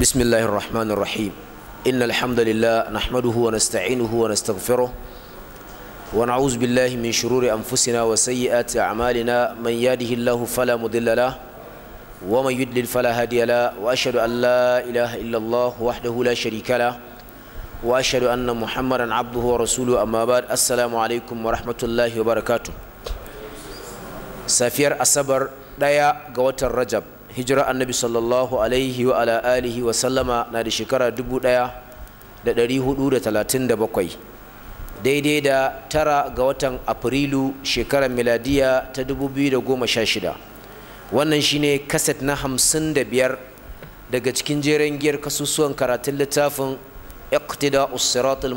بسم الله الرحمن الرحيم إن الحمد لله نحمده ونستعينه ونستغفره ونعوذ بالله من شرور أنفسنا وسيئات أعمالنا من يهده الله فلا مضل له ومن يضلل فلا هادي له وأشهد أن لا إله إلا الله وحده لا شريك له وأشهد أن محمدا عبده ورسوله أما بعد السلام عليكم ورحمة الله وبركاته safiyar asabar ɗaya ga watan rajab hijira annabi sallallahu alaihi wa ala alihi wa sallama na da shekara bakwai. daidai da tara ga watan afrilu shekarar miladiya ta da sha shida. wannan shine kaset na hamsin da biyar daga cikin jeren giyar kasusuwan karatun littafin iqtida usirat al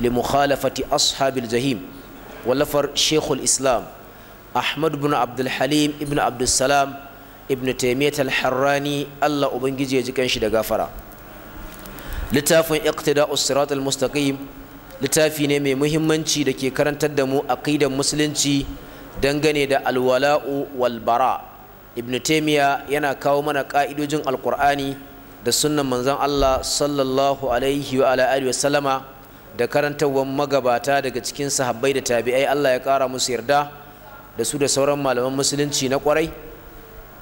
li mukhalafati ashabil jahim wallafar shekul islam ahmad bin abdulhalim ibn abdulsalam ibn taymiyyah al-harrani Allah ubangiji ya ji kanshi da gafara littafin iqtida'us sirat al-mustaqim littafi ne mai muhimmanci da ke karantar da mu aqidar musulunci dangane da alwala'u wal bara ibn taimiya yana kawo mana ka'idojin alqur'ani da sunnan manzon Allah sallallahu alaihi wa ala alihi da karantawan magabata daga cikin sahabbai da tabi'ai Allah ya kara musu yarda da su da sauran malaman musulunci na kwarai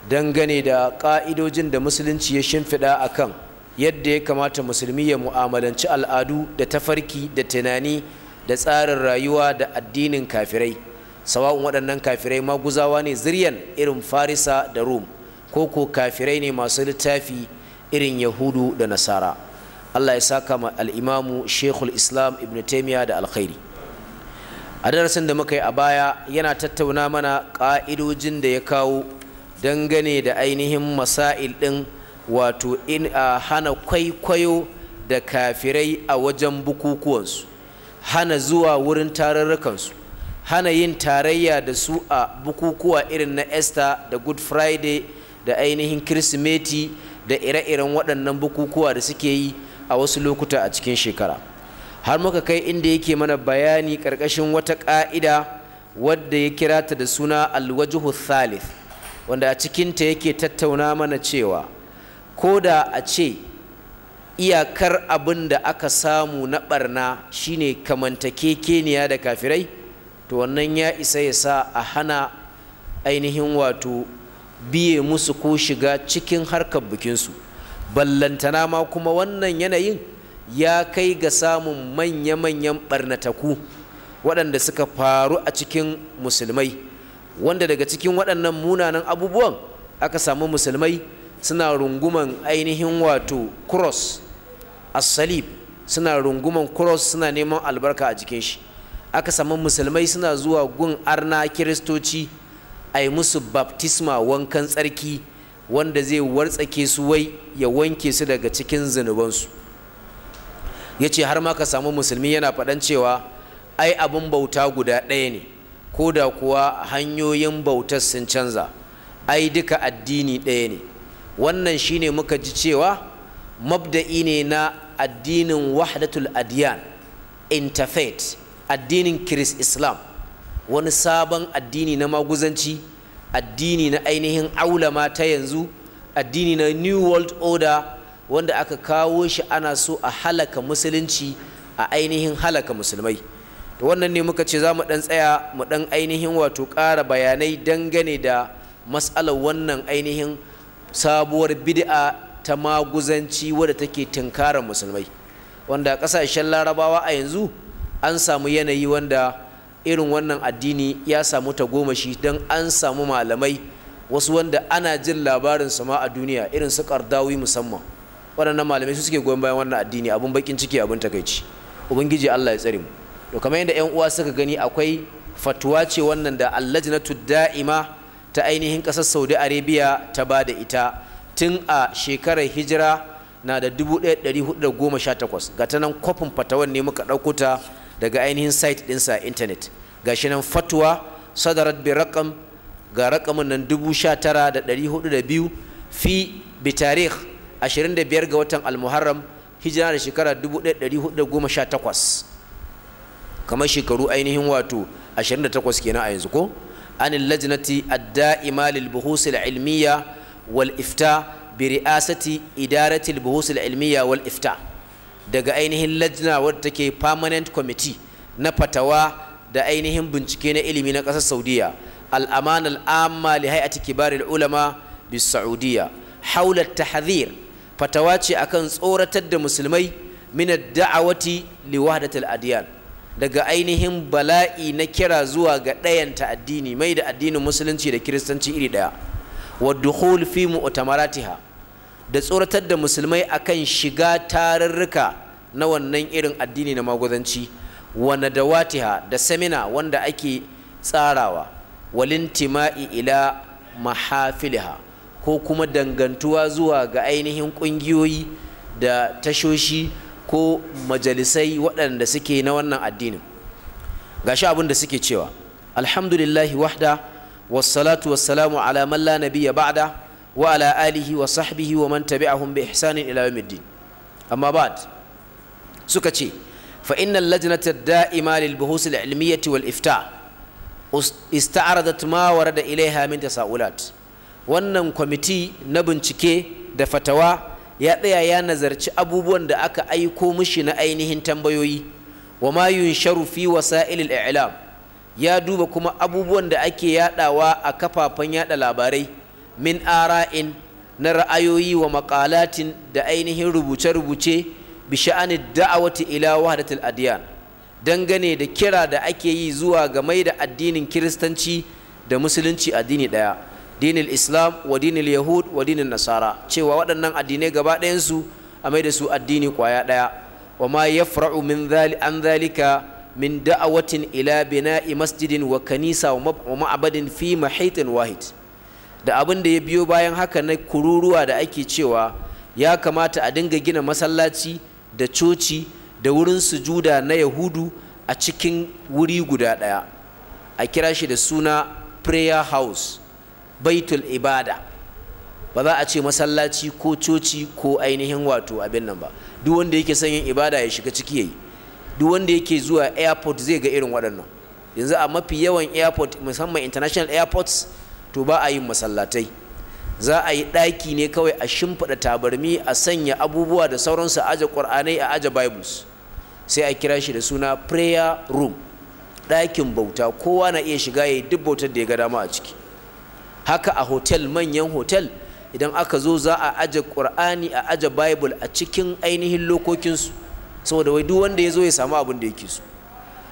dangane da ƙa'idojin da musulunci ya shimfiɗa a kan yadda ya kamata musulmi ya mu'amalanci al'adu da tafarki da tunani da tsarin rayuwa da addinin kafirai sawa'un waɗannan kafirai maguzawa ne ziryan irin farisa da rum ko ko kafirai ne masu littafi irin yahudu da nasara allah ya saka ma al'imamu shekul islam ibn taimiya da alkhairi a darasin da muka yi a baya yana tattauna mana ƙa'idojin da ya kawo dangane da ainihin masail ɗin wato in a hana kwaikwayo da kafirai a wajen bukukuwansu hana zuwa wurin tararrukansu hana yin tarayya da su a bukukuwa irin na Esther da Good Friday da ainihin Kirsimeti da ire-iren waɗannan bukukuwa da suke yi a wasu lokuta a cikin shekara har muka kai inda yake mana bayani ƙarƙashin wata ƙa'ida wadda ya kira ta da suna alwajuhu thalith wanda a cikinta yake tattauna mana cewa ko da a ce iyakar abin da aka samu na barna shine kamantakekeniya da kafirai to wannan ya isa ya sa a hana ainihin wato biye musu ko shiga cikin harkar bikinsu ballantana ma kuma wannan yanayin ya kai ga samun manya-manyan barnataku waɗanda suka faru a cikin musulmai wanda daga cikin waɗannan munanan abubuwan aka samu musulmai suna runguman ainihin wato cross as-salib suna runguman cross suna neman albarka a jikin shi aka samu musulmai suna zuwa gun arna kiristoci a yi musu baptisma wankan tsarki wanda zai wartsake su wai ya wanke su daga cikin zunubansu ya ce har ma ka samu musulmi yana faɗan cewa ai abin bauta guda ɗaya ne ko da kuwa hanyoyin bautar sun canza ai duka addini ɗaya ne wannan shine muka ji cewa mabda'i ne na addinin wahdatul adiyan interfaith addinin kiris islam wani sabon addini na maguzanci addini na ainihin aulama ta yanzu addini na new world order wanda aka kawo shi ana so a halaka musulunci a ainihin halaka musulmai da wannan ne muka ce za mu ɗan tsaya mu ɗan ainihin wato ƙara bayanai dangane da matsalar wannan ainihin sabuwar bid'a ta maguzanci wadda take tunkarar musulmai wanda kasashen larabawa a yanzu an samu yanayi wanda irin wannan addini ya samu tagomashi don an samu malamai wasu wanda ana jin labarin sama a duniya irin su kardawi musamman waɗannan malamai su suke goyon bayan wannan addini abin bakin ciki abin takaici ubangiji allah ya tsare mu to kamar yadda yan uwa suka gani akwai fatuwa ce wannan da allajnatu da'ima ta ainihin kasar saudi arabia ta ba da ita tun a shekarar hijira na da 1418 ga ta nan kwafin fatawan ne muka ɗauko ta daga ainihin site ɗinsa intanet shi nan fatuwa sadarat bi rakam ga rakamin nan 19402 fi bi tarih 25 ga watan almuharram hijira da shekara 1418 kamar shekaru ainihin wato 28 kenan a yanzu ko an lajnati ad-da'ima lil buhus al-ilmiya wal ifta bi ri'asati idaratil al-buhus al-ilmiya wal ifta daga ainihin lajna wadda take permanent committee na fatawa da ainihin bincike na ilimi na ƙasar Saudiya al-amana al-amma li hay'ati kibar al-ulama bis Saudiya haula tahdhir fatawa ce akan tsoratar da musulmai min ad-da'awati li wahdatil adyan daga ainihin bala'i na kira zuwa ga ɗayanta addini mai da addinin musulunci da kiristanci iri ɗaya wadda dukhul mu. mu'tamaratiha da tsoratar da musulmai akan shiga tarurruka na wannan irin addini na magozanci da watiha da samina wanda ake tsarawa walintima'i ila mahafiliha ko kuma dangantuwa zuwa ga ainihin ƙungiyoyi da tashoshi ko majalisai waɗanda suke na wannan addinin gashi abin da suke cewa alhamdulillahi wahda wassalatu wassalamu ala man la nabiyya ba'da wa ala alihi wa sahbihi wa man tabi'ahum bi ihsanin ila yawmiddin amma ba'd suka ce fa innal lajnata ad-da'ima lil buhus al-ilmiyyah wal ifta' ista'aradat ma warada ilaiha min tasaulat wannan kwamiti na bincike da fatawa ya tsaya ya nazarci abubuwan da aka aiko mushi na ainihin tambayoyi wa ma yunsharu fi wasailil i'lam ya duba kuma abubuwan da ake yadawa a kafafen yada labarai min ara'in na ra'ayoyi wa maqalatin da ainihin rubuce-rubuce bi sha'ani da'awati ila wahdatil adyan dangane da kira da ake yi zuwa ga mai da addinin kiristanci da musulunci addini daya dinin islam wa dinil yahud wa nasara cewa waɗannan addinai gaba ɗayansu a mai da su addini kwaya ɗaya wa ma yafra'u min an zalika min da'awatin ila bina'i masjidin wa kanisa wa ma'abadin fi mahitin wahid da abin da ya biyo bayan haka na kururuwa da ake cewa ya kamata a dinga gina masallaci da coci da wurin sujuda na yahudu a cikin wuri guda ɗaya a kira shi da suna prayer house baitul ibada ba za a ce masallaci ko coci ko ainihin wato abin nan ba duk wanda yake son yin ibada ya shiga ciki yayi duk wanda yake zuwa airport zai ga irin waɗannan yanzu a mafi yawan airport musamman international airports to ba a yin masallatai za a yi ɗaki ne kawai a shimfiɗa tabarmi a sanya abubuwa da sauransu a aje ƙur'anai a aje bibles sai a kira shi da suna prayer room ɗakin bauta kowa na iya shiga ya yi duk bautar da ya ga dama a ciki haka a hotel manyan hotel idan aka zo za a aje qur'ani a aje bible a cikin ainihin lokokinsu saboda wai duk wanda ya zo ya samu abin da yake so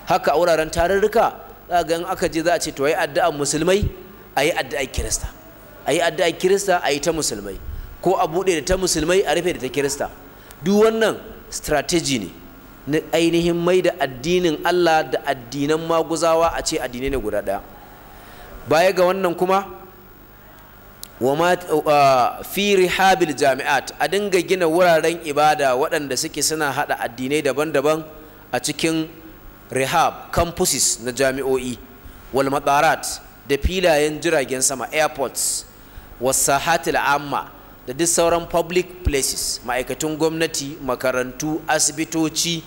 haka a wuraren tarurruka za ga in aka je za a ce to yi addu'a musulmai a yi addu'a kirista a yi addu'a kirista a yi ta musulmai ko a buɗe da ta musulmai a rufe da ta kirista duk wannan strategy ne na ainihin mai da addinin Allah da addinan maguzawa a ce addinai ne guda ɗaya baya ga wannan kuma fi rihabil jami'at a dinga gina wuraren ibada waɗanda suke suna haɗa addinai daban-daban a cikin rihab campuses na jami'o'i wal da filayen jiragen sama airports wasahatil amma da duk sauran public places ma'aikatan gwamnati makarantu asibitoci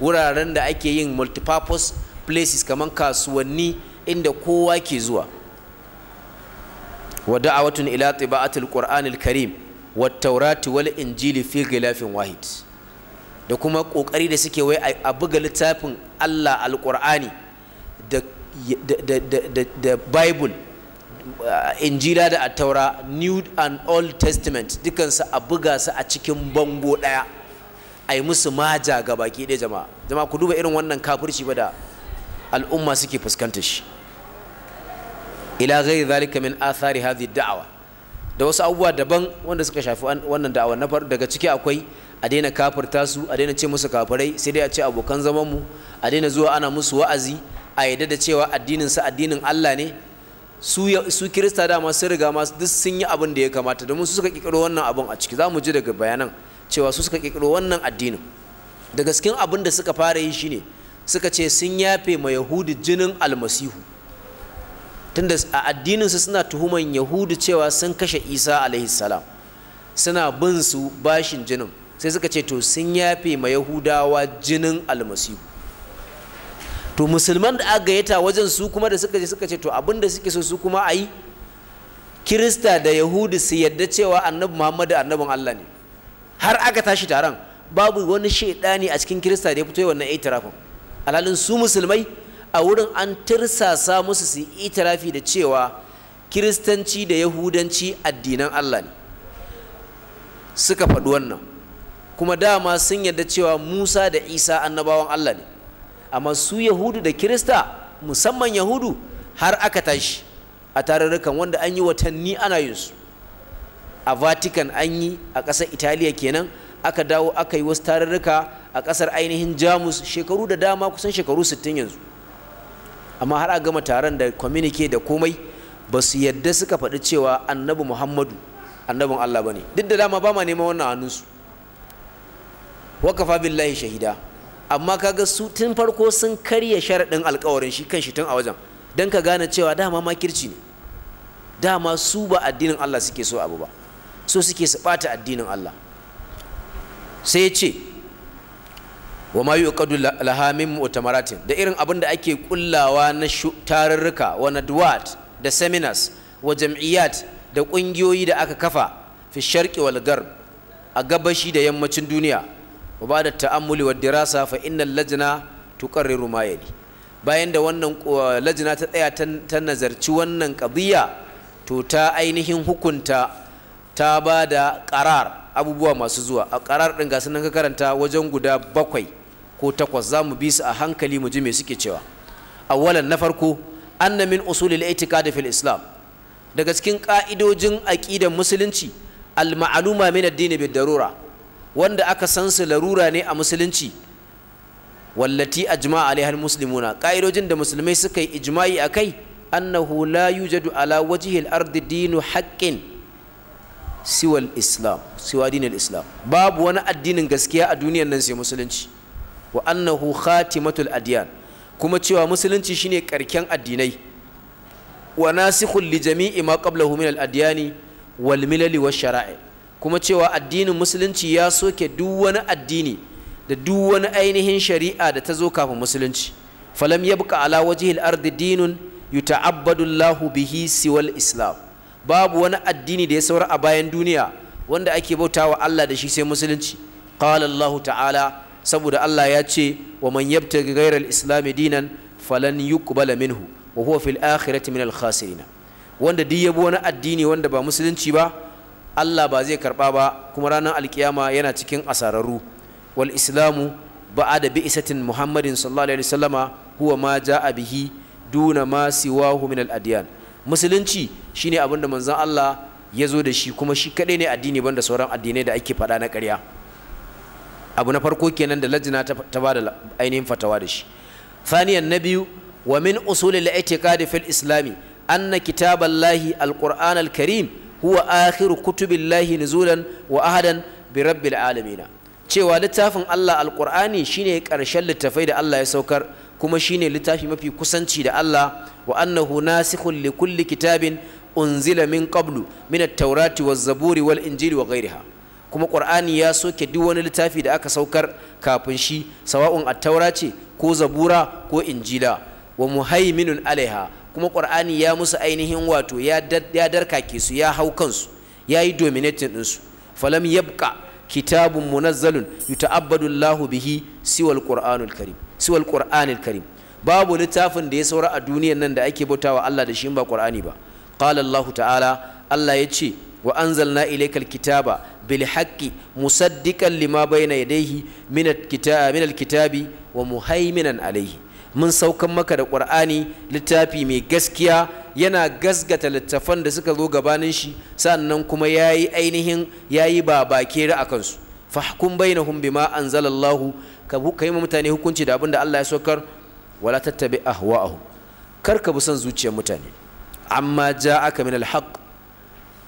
wuraren da ake yin multipurpose places kamar kasuwanni inda kowa ke zuwa wa da'awatun ila tiba'atil qur'anil karim wa taurati wal injili fi ghilafin wahid da kuma kokari da suke wai a buga littafin Allah alqur'ani da da bible uh, injila da taura new and old testament dukansu a buga su a cikin bango daya ai musu maja ga baki ɗaya jama'a jama'a ku duba irin wannan kafirci ba da al'umma suke fuskantar shi ila ghairi zalika min athari hadhihi da'awa da wasu abubuwa daban wanda suka shafi wannan da'awa na daga ciki akwai a daina kafirta su a daina ce musu kafirai sai dai a ce abokan zaman mu a daina zuwa ana musu wa'azi a yadda da cewa addinin su addinin Allah ne su su kirista dama sun riga masu duk sun yi abin da ya kamata domin su suka kikiro wannan abin a ciki za mu ji daga bayanan cewa su suka kikiro wannan addinin daga cikin abin da suka fara yi shine suka ce sun yafe ma yahudi jinin almasihu tunda a addininsu suna tuhuman yahudu cewa sun kashe isa alaihi salam suna bin su bashin jinin sai suka ce to sun yafe ma yahudawa jinin almasihu to musulman da aka gayyata wajen su kuma da suka je suka ce to abin da suke so su kuma a yi kirista da yahudu su yadda cewa annabi muhammadu annabin allah ne har aka tashi taron babu wani shaidani a cikin kirista da ya fito wannan itirafin alhalin su musulmai a wurin an tirsasa musu su yi itirafi da cewa kiristanci da yahudanci addinan Allah ne suka faɗi wannan kuma dama sun yarda cewa Musa da Isa annabawan Allah ne amma su Yahudu da Kirista musamman Yahudu har aka tashi a tarurrukan wanda an yi watanni ana yin su a Vatican an yi a ƙasar Italiya kenan aka dawo aka yi wasu tarurruka a ƙasar ainihin Jamus shekaru da dama kusan shekaru 60 yanzu amma har a gama taron da communique da komai ba su yadda suka faɗi cewa annabi muhammadu annabin allah ba ne duk da dama ba ma neman wannan hannunsu wakafa billahi shahida amma kaga su tun farko sun karya sharaɗin alkawarin shi kan shi tun a wajen don ka gane cewa dama makirci ne dama su ba addinin allah suke so abu ba so suke su ɓata addinin allah sai ya ce wa ma yuqadu laha min mu'tamaratin da irin abin da ake kullawa na tarurruka wa nadwat da seminars wa jam'iyyat da ƙungiyoyi da aka kafa fi sharqi wal a gabashi da yammacin duniya wa ba da ta'ammuli wa dirasa fa innal lajna tuqarriru ma yali bayan da wannan lajina ta tsaya ta nazarci wannan qadiyya to ta ainihin hukunta ta ba da qarar abubuwa masu zuwa a ƙarar ɗin ga sunan ka karanta wajen guda bakwai ko takwas za mu bi su a hankali mu ji me suke cewa awwalan na farko anna min usulil i'tiqad fil islam daga cikin ka'idojin aqidar musulunci al ma'luma min ad-din bid darura wanda aka san su larura ne a musulunci wallati ajma'a alaiha al-muslimuna ka'idojin da musulmai suka yi ijma'i akai annahu la yujadu ala wajhi al-ardi dinu haqqin siwa al-islam siwa din islam babu wani addinin gaskiya a duniyar nan sai musulunci wa annahu khatimatul adyan kuma cewa musulunci shine karken addinai wa nasikhul li jami'i ma qablahu min al adyani wal milali wash shara'i kuma cewa addinin musulunci ya soke duk wani addini da duk wani ainihin shari'a da ta zo kafin musulunci falam yabqa ala wajhil ardi dinun yuta'abbadu Allahu bihi siwal islam babu wani addini da ya saura a bayan duniya wanda ake bautawa Allah da shi sai musulunci qala Allahu ta'ala saboda Allah ya ce wa man yabtaghi ghayra islam dinan falan yuqbala minhu wa huwa fil akhirati min al wanda duk yabo wani addini wanda ba musulunci ba Allah ba zai karba ba kuma ranar alkiyama yana cikin asararru wal islamu da bi isatin muhammadin sallallahu alaihi wasallama huwa ma ja'a bihi duna ma siwahu min adyan musulunci shine abinda manzon Allah ya zo da shi kuma shi kadai ne addini banda sauran addinai da ake faɗa na ƙarya abu na farko kenan da lajina ta ba da ainihin fatawa da shi saniyan na biyu wa min usulil i'tiqadi fil islami anna kitaballahi alquran alkarim huwa akhiru kutubillahi nuzulan wa ahadan bi rabbil alamin cewa littafin Allah alqur'ani shine karshen littafai da Allah ya saukar kuma shine littafi mafi kusanci da Allah wa annahu nasikhun li kulli kitabin unzila min qablu min at-taurati waz-zaburi wal-injili wa ghayriha kuma ƙur'ani ya soke duk wani littafi da aka saukar kafin shi sawa'un at-taura ce ko zabura ko injila wa muhaiminun alaiha kuma ƙur'ani ya musu ainihin wato ya darkake su ya hau kansu ya yi dominatin ɗinsu falam yabqa kitabun munazzalun yuta'abbadu Allahu bihi siwal qur'anul karim siwal qur'anil karim babu littafin da ya saura a duniyar nan da ake bautawa Allah da shi ba qur'ani ba qala Allahu ta'ala Allah ya ce wa anzalna ilaykal kitaba bil haqqi musaddiqan lima bayna yadayhi min kitabi min wa muhaiminan alayhi mun saukan maka da qur'ani littafi mai gaskiya yana gasgata littafan da suka zo gabanin shi sannan kuma yayi ainihin yayi babake ra akan su fahkum bainahum bima anzalallahu ka kai mutane hukunci da abin da Allah ya saukar wala tattabi ahwa'ahum kar ka bi son zuciyar mutane amma ja'aka min al-haqq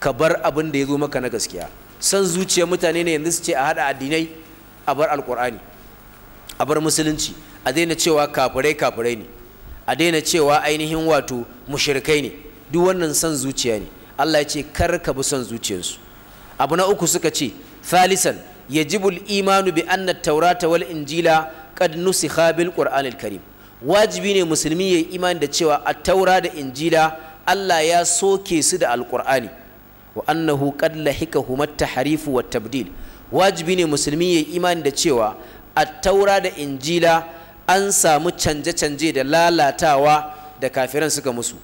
ka bar abin da ya zo maka na gaskiya san zuciyar mutane ne yanzu su ce a haɗa addinai a bar alƙur'ani a bar musulunci a daina cewa kafirai kafirai ne a daina cewa ainihin wato mushrikai ne duk wannan san zuciya ne Allah ya ce kar ka bi son zuciyarsu abu na uku suka ce falisan yajibul imanu bi anna taurata wal injila qad nusikha bil qur'anil karim wajibi ne musulmi ya yi imani da cewa a taura da injila Allah ya soke su da alqur'ani wa annahu qad lahika huma tahrifu wa tabdil wajibi ne musulmi ya imani da cewa at-taura da injila an samu canje-canje da lalatawa da kafiran suka musu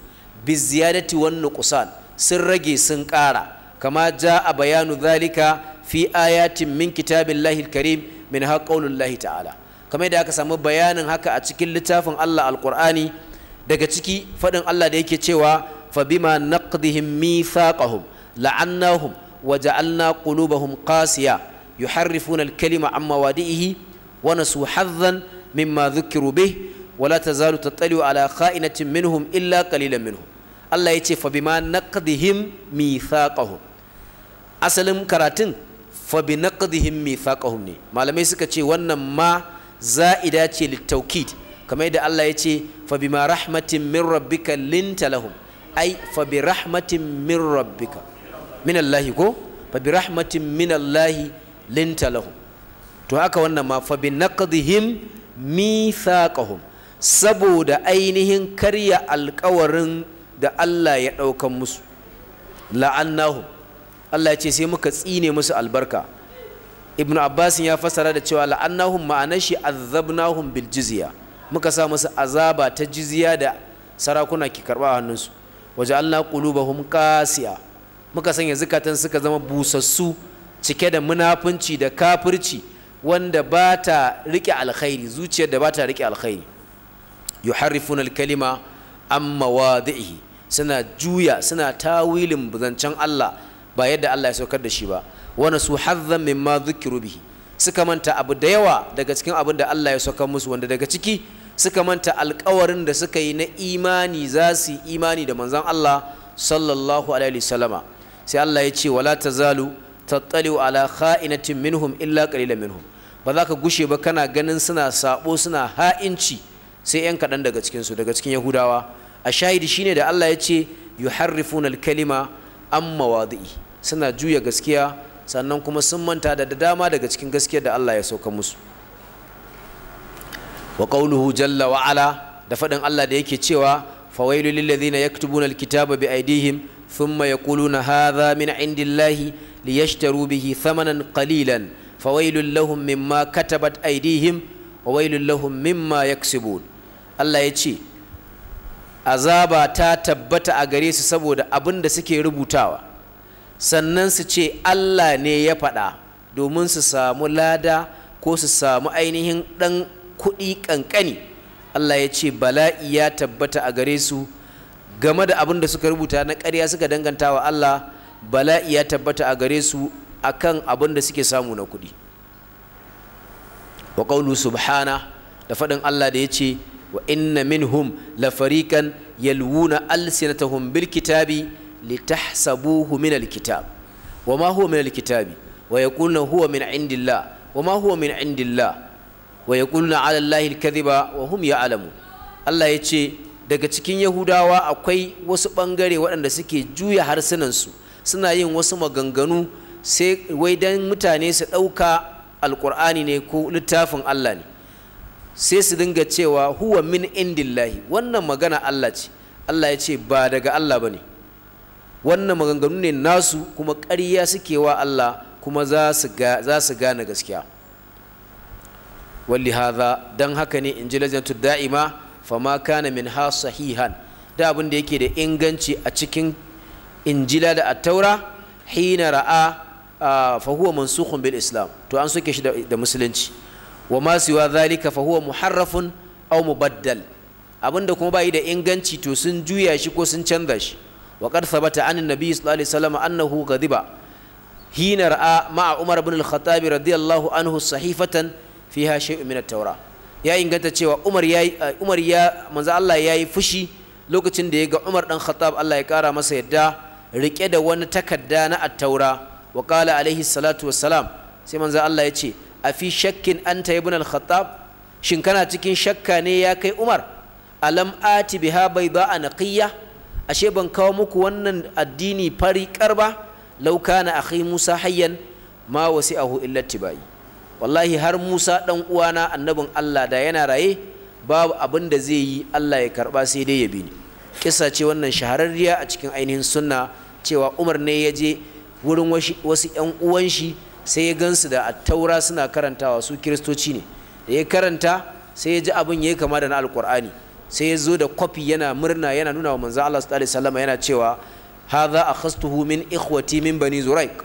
bi ziyadati wan nuqsan sun rage sun ƙara kama ja a bayanu zalika fi ayatin min kitabillahi al-karim min ha ta'ala kamar da aka samu bayanin haka a cikin littafin Allah alqur'ani daga ciki faɗin Allah da yake cewa fa bima naqdihim mithaqahum la'annahum wa ja'alna qulubahum kasiya yuharrifuna al-kalima amma wadihi wa nasu hadhan mimma dhukiru bih wa la tazalu tattali'u ala kha'inatin minhum illa qalilan minhum Allah yace fa bima naqdihim mithaqahum asalin karatun fa bi naqdihim mithaqahum ne malamai suka ce wannan ma za'ida ce littaukid kamar yadda Allah yace ce fa bima rahmatin min linta lahum ai fa bi rahmatin min rabbika minallahi ko fa bi rahmatin minallahi linta lahum to haka wannan ma fa bi naqdihim mithaqahum saboda ainihin karya alkawarin da Allah ya ɗaukan musu la'annahum Allah ya ce sai muka tsine musu albarka ibnu abbas ya fassara da cewa la'annahum ma'anar shi azabnahum bil jizya muka sa musu azaba ta jizya da sarakuna ki karba a hannunsu waje Allah qulubuhum qasiya muka sanya zukatan suka zama busassu cike da munafunci da kafirci wanda ba ta riƙe alkhairi zuciyar da ba ta riƙe alkhairi yuharrifuna alkalima an mawadi'ihi suna juya suna tawilin zancen Allah ba yadda Allah ya saukar da shi ba wani su hazzan ma dhukiru bihi suka manta abu da yawa daga cikin abin da Allah ya saukar musu wanda daga ciki suka manta alkawarin da suka yi na imani za su yi imani da manzon Allah sallallahu alaihi wasallama sai Allah ya ce wala tazalu tattaliu ala kha'inatin minhum illa qalilan minhum ba za ka gushe ba kana ganin suna sabo suna ha'inci sai yan kadan daga cikin su daga cikin Yahudawa a shahidi shine da Allah ya ce yuharrifuna al-kalima amma mawadi'i suna juya gaskiya sannan kuma sun manta da dama daga cikin gaskiyar da Allah ya sauka musu wa qawluhu jalla wa ala da faɗin Allah da yake cewa fawailu lil ladina yaktubuna al-kitaba bi aidihim ثم يقولون هذا من عند الله ليشتروا به ثمنا قليلا فويل لهم مما كتبت أيديهم وويل لهم مما يكسبون الله يجي azaba ta tabbata a gare su saboda abin da suke rubutawa sannan su ce Allah ne ya faɗa domin su samu lada ko su samu ainihin ɗan kuɗi kankani. Allah ya ce bala'i ya tabbata a gare su game da abin da suka rubuta na ƙarya suka danganta wa Allah bala'i ya tabbata a gare su akan abin da suke samu na kuɗi wa qawlu subhana da faɗin Allah da yace wa inna minhum la fariqan yalwuna alsinatahum bil kitabi litahsabuhu min al kitab wa ma huwa min al kitabi wa yaquluna huwa min indillah wa ma huwa min indillah wa yaquluna ala allahi al kadhiba wa hum ya'lamun Allah yace daga cikin yahudawa akwai wasu ɓangare waɗanda suke juya harsunansu suna yin wasu maganganu sai wai dan mutane su ɗauka alƙur'ani ne ko littafin allah ne sai su dinga cewa huwa min indillahi wannan magana allah ce allah ya ce ba daga allah ba ne wannan maganganu ne nasu kuma ƙarya suke wa allah kuma za su gane gaskiya walli don haka ne in ji da'ima fama kana min ha sahihan da abin da yake da inganci a cikin injila da attaura hina ra'a fa huwa mansukhun bil islam to an soke shi da musulunci wa ma siwa dhalika fa huwa muharrafun aw mubaddal abinda kuma bai da inganci to sun juya shi ko sun canza shi wa qad thabata an annabi sallallahu alaihi wasallam annahu ghadiba hina ra'a ma'a umar ibn al-khattab radiyallahu anhu sahifatan fiha shay'un min at-taurah ya inganta cewa Umar ya eh, Umar ya manzo Allah ya yi fushi lokacin da ya ga Umar dan Khattab Allah ya kara masa yadda rike da wani takarda na at-taura wa qala alaihi salatu wassalam sai manzo Allah ya ce a fi shakkin anta ibn al-Khattab shin kana cikin shakka ne ya kai Umar alam ati biha bayda anqiyya ashe ban kawo muku wannan addini fari karba law kana akhi Musa hayyan ma wasi'ahu illa tibai wallahi har Musa dan na annabin Allah da yana raye babu abin da zai yi Allah ya karba sai dai ya bi ni kisa ce wannan shahararriya a cikin ainihin sunna cewa Umar ne ya je wurin wasu ƴan uwan shi sai ya gansu da taura suna karantawa su kiristoci ne da ya karanta sai ya ji abin yayi kama da na alqur'ani sai ya zo da kwafi yana murna yana nuna wa manzo Allah sallallahu alaihi wasallam yana cewa hadha akhastuhu min ikhwati min bani zuraik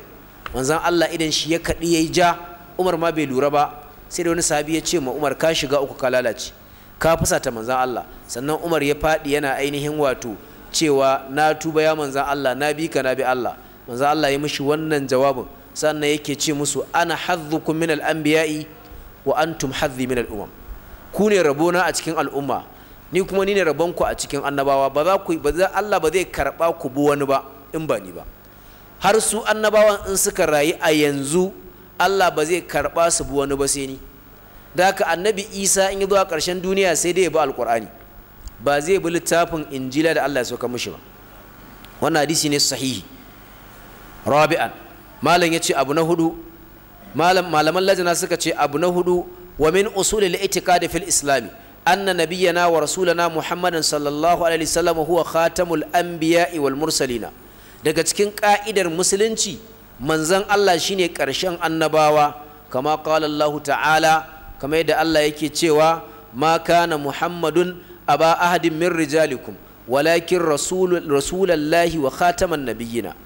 manzon Allah idan shi ya kadi yayi ja Umar ma bai lura ba sai da wani sahabi ya ce ma Umar ka shiga uku ka lalace ka fusata manzan Allah sannan Umar ya faɗi yana ainihin wato cewa na tuba ya manzan Allah na bi ka na bi Allah manzan Allah ya mishi wannan jawabin sannan yake ce musu ana hadzukum min al-anbiya'i wa antum hadzi min al-umam ku ne rabona a cikin al'umma ni kuma ni ne rabonku a cikin annabawa ba za ku ba Allah ba zai karba ku bi wani ba in ba ni ba har su annabawan in suka rayu a yanzu Allah ba zai karɓa su bi wani ba sai ni da haka annabi Isa in ya zo a ƙarshen duniya sai dai ya bi alƙur'ani ba zai bi littafin injila da Allah ya sauka mishi ba wannan hadisi ne sahihi rabi'an malam ya ce abu na hudu malaman lajina suka ce abu na hudu wa min usulil itiqad fil islami anna nabiyyana wa rasulana muhammadan sallallahu alaihi wasallam huwa khatamul anbiya'i wal mursalina daga cikin ka'idar musulunci manzon Allah shine ƙarshen annabawa kama qala Allah ta'ala kamar yadda Allah yake cewa ma kana muhammadun aba ahadin min rijalikum walakin rasulallahi wa khataman nabiyina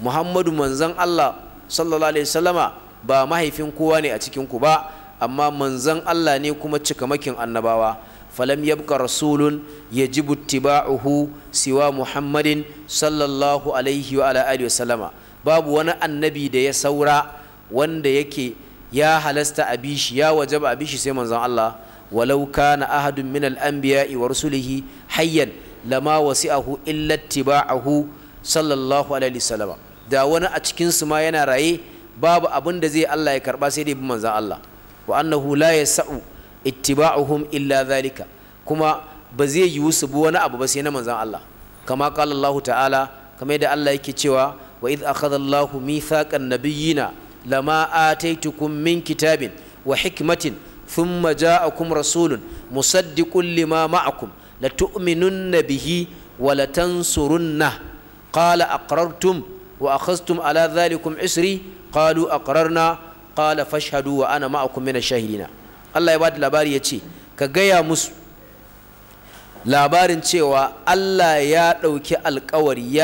muhammadu manzon Allah sallallahu alaihi wasallama ba mahaifin kowa ne a cikin ku ba amma manzan Allah ne kuma cikamakin annabawa falam yabqa rasulun yajibu ittiba'uhu siwa muhammadin sallallahu alaihi wa ala alihi wasallama babu wani annabi da ya saura wanda yake ya halasta a bishi ya wajaba a bishi sai manzon Allah walau kana ahadun min al-anbiya'i wa rusulihi hayyan lama wasi'ahu illa ittiba'ahu sallallahu alaihi wasallam da wani a cikin su ma yana raye babu abin da zai Allah ya karba sai dai bi manzon Allah wa annahu la yasa'u ittiba'uhum illa zalika kuma ba zai yiwu su bi wani abu ba sai na manzon Allah kama qala Allah ta'ala kamar yadda Allah yake cewa wa idh akhadha Allahu mithaqan nabiyyina lama ataitukum min kitabin wa hikmatin thumma ja'akum rasulun musaddiqun lima ma'akum latu'minunna bihi wa latansurunnah qala aqrartum wa akhadhtum ala dhalikum isri qalu aqrarna qala fashhadu wa ana ma min ash-shahidin Allah ya bada labari yace ka gaya musu labarin cewa Allah ya ɗauki alkawari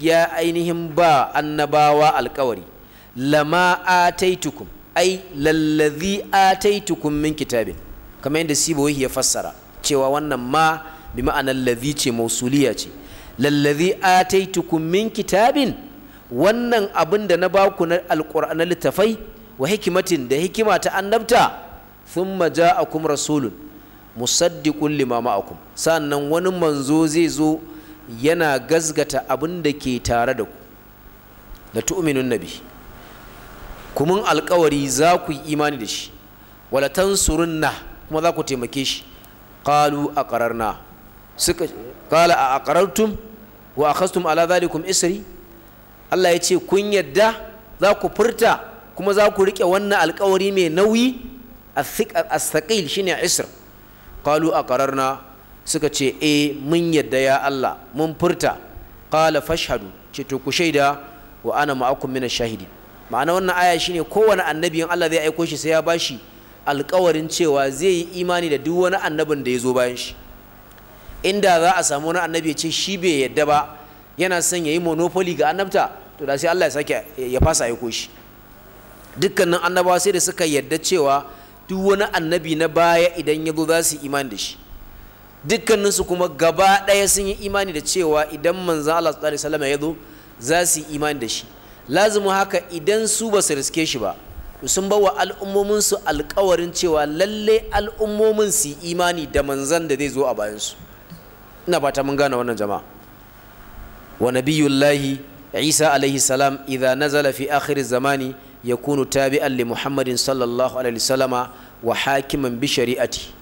ya ainihin ba annabawa alkawari lama ataitukum ai lallazi ataitukum min kitabin kamar yadda Sibawahi ya fassara cewa wannan ma bi ma'anar lazi ce mausuliya ce lallazi ataitukum min kitabin wannan abin da na baku na alƙur'anin littafai wa hikimatin da hikima ta annabta thumma ja'akum rasulun musaddiqun lima ma'akum sannan wani manzo zai zo yana gazgata abin da ke tare da ku da tu'minun nabi kuma alkawari za ku yi imani da shi wala tansurunna kuma za ku taimake shi qalu aqrarna suka qala a aqrartum wa akhastum ala dhalikum isri Allah ya ce kun yadda za ku furta kuma za ku riƙe wannan alkawari mai nauyi shi ne shine isr qalu aqararna suka ce eh mun yadda ya Allah mun furta qala fashadu ce to ku shaida wa ana ma'akum min shahidi ma'ana wannan aya ne kowane annabi in Allah zai aiko shi sai ya bashi alƙawarin cewa zai yi imani da duk wani annabin da ya zo bayan shi inda za a samu wani annabi ya ce shi bai yadda ba yana son ya yi monofoli ga annabta to da sai Allah ya sake ya fasa aiko shi dukkanin annabawa sai da suka yadda cewa duk wani annabi na baya idan ya zo za su yi imani da shi dukkaninsu kuma gaba ɗaya sun yi imani da cewa idan manzan Allah su alaihi ya zo za su yi imani da shi lazimu haka idan su ba su riske shi ba sun ba wa al'ummominsu alkawarin cewa lalle al'ummomin su yi imani da manzan da zai zo a bayansu ina ba ta mun gane wannan jama'a wa nabiyullahi isa alaihi salam idan nazala fi akhir zamani yakunu tabi'an li Muhammadin sallallahu alaihi wasallama wa hakiman bi shari'ati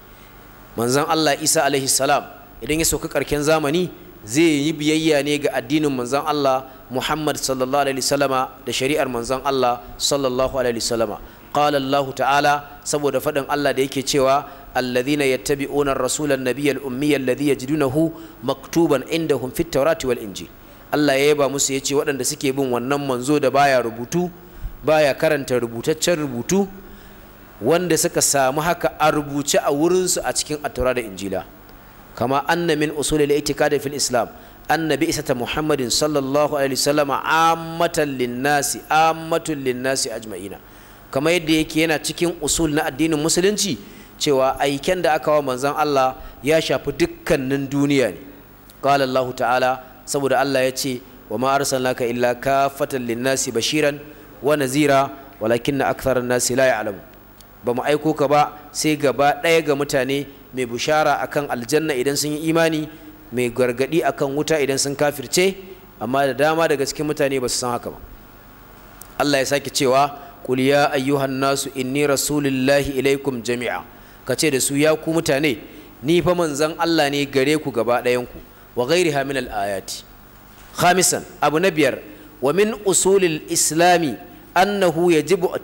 manzon Allah Isa alaihi salam idan ya sauka karken zamani zai yi biyayya ne ga addinin manzon Allah Muhammad sallallahu alaihi wasallama da shari'ar manzon Allah sallallahu alaihi wasallama qala Allah ta'ala saboda faɗin Allah da yake cewa الذين يتبعون الرسول النبي الأمي الذي maktuban مكتوبا عندهم في wal injil Allah ya yaba musu ya ce waɗanda suke bin wannan manzo da baya rubutu baya karanta rubutaccen rubutu wanda suka samu haka a rubuce a wurinsu a cikin attaura da injila kama anna min usulil itikadi fil islam anna bi isata muhammadin sallallahu alaihi wasallam ammatan linnasi ammatun linnasi ajma'ina kama yadda yake yana cikin usul na addinin musulunci cewa aiken da aka wa manzon Allah ya shafi dukkanin duniya ne qala Allah ta'ala saboda Allah ya ce wa ma arsalnaka illa kafatan linnasi bashiran wa nazira walakin na aktharan nasi la ya'lamu ba mu aiko ka ba sai gaba ɗaya ga mutane mai bushara akan aljanna idan sun yi imani mai gargaɗi akan wuta idan sun kafirce amma da dama daga cikin mutane ba su san haka ba Allah ya sake cewa qul ya ayyuhan nasu inni rasulillahi ilaikum jami'a kace da su ya ku mutane ni fa manzon Allah ne gare ku gaba ɗayan wa ghairiha min ayati khamisan abu na biyar wa min usulil islami annahu ya ji yajibu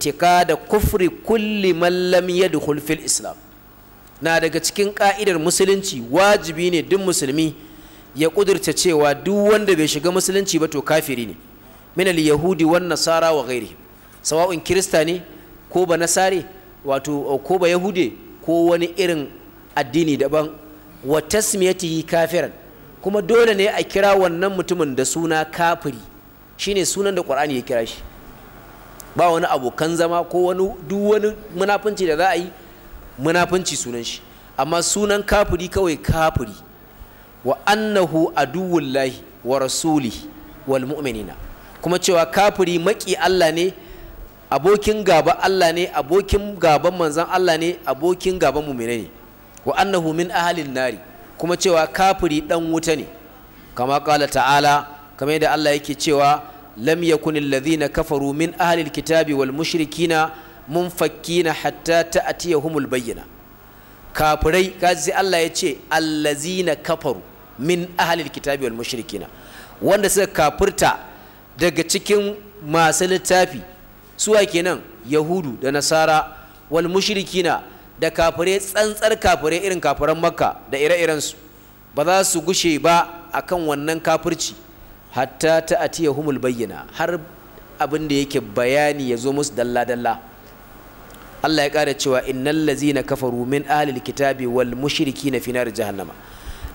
da kufri kulli man lam yadkhul fil islam na daga cikin ka'idar musulunci wajibi ne duk musulmi ya kudurta cewa duk wanda bai shiga musulunci ba to kafiri ne min al yahudi wan nasara wa ghairi sawa'un kirista ne ko ba nasare wato ko ba yahude ko wani irin addini daban wa tasmiyatihi kafiran kuma dole ne a kira wannan mutumin da suna kafiri shine sunan da qur'ani ya kira shi ba wani abokan zama ko wani duk wani munafunci da za a yi munafunci sunan shi amma sunan kafiri kawai kafiri wa annahu aduwullahi wa rasuli wal mu'minina kuma cewa kafiri maki Allah ne abokin gaba Allah ne abokin gaban manzon Allah ne abokin gaban mu'mina ne wa annahu min ahalin nari kuma cewa kafiri dan wuta ne kama kala ta'ala kamar yadda Allah yake cewa lam yakun alladhina kafaru min ahli alkitabi wal mushrikina munfakkina hatta ta'tiyahumul bayyina kafirai kaji Allah ya ce allazina kafaru min ahli alkitabi wal wanda suka kafurta daga cikin masu littafi suwa kenan yahudu da nasara walmushirikina da kafirai tsantsar kafirai irin kafiran makka da ire-irensu ba za su gushe ba akan wannan kafirci hatta humul bayyana har abin da yake bayani ya zo musu dalla dalla Allah ya ƙara cewa innal ladzina kafaru min ahlil kitabi wal mushrikina fi nar jahannama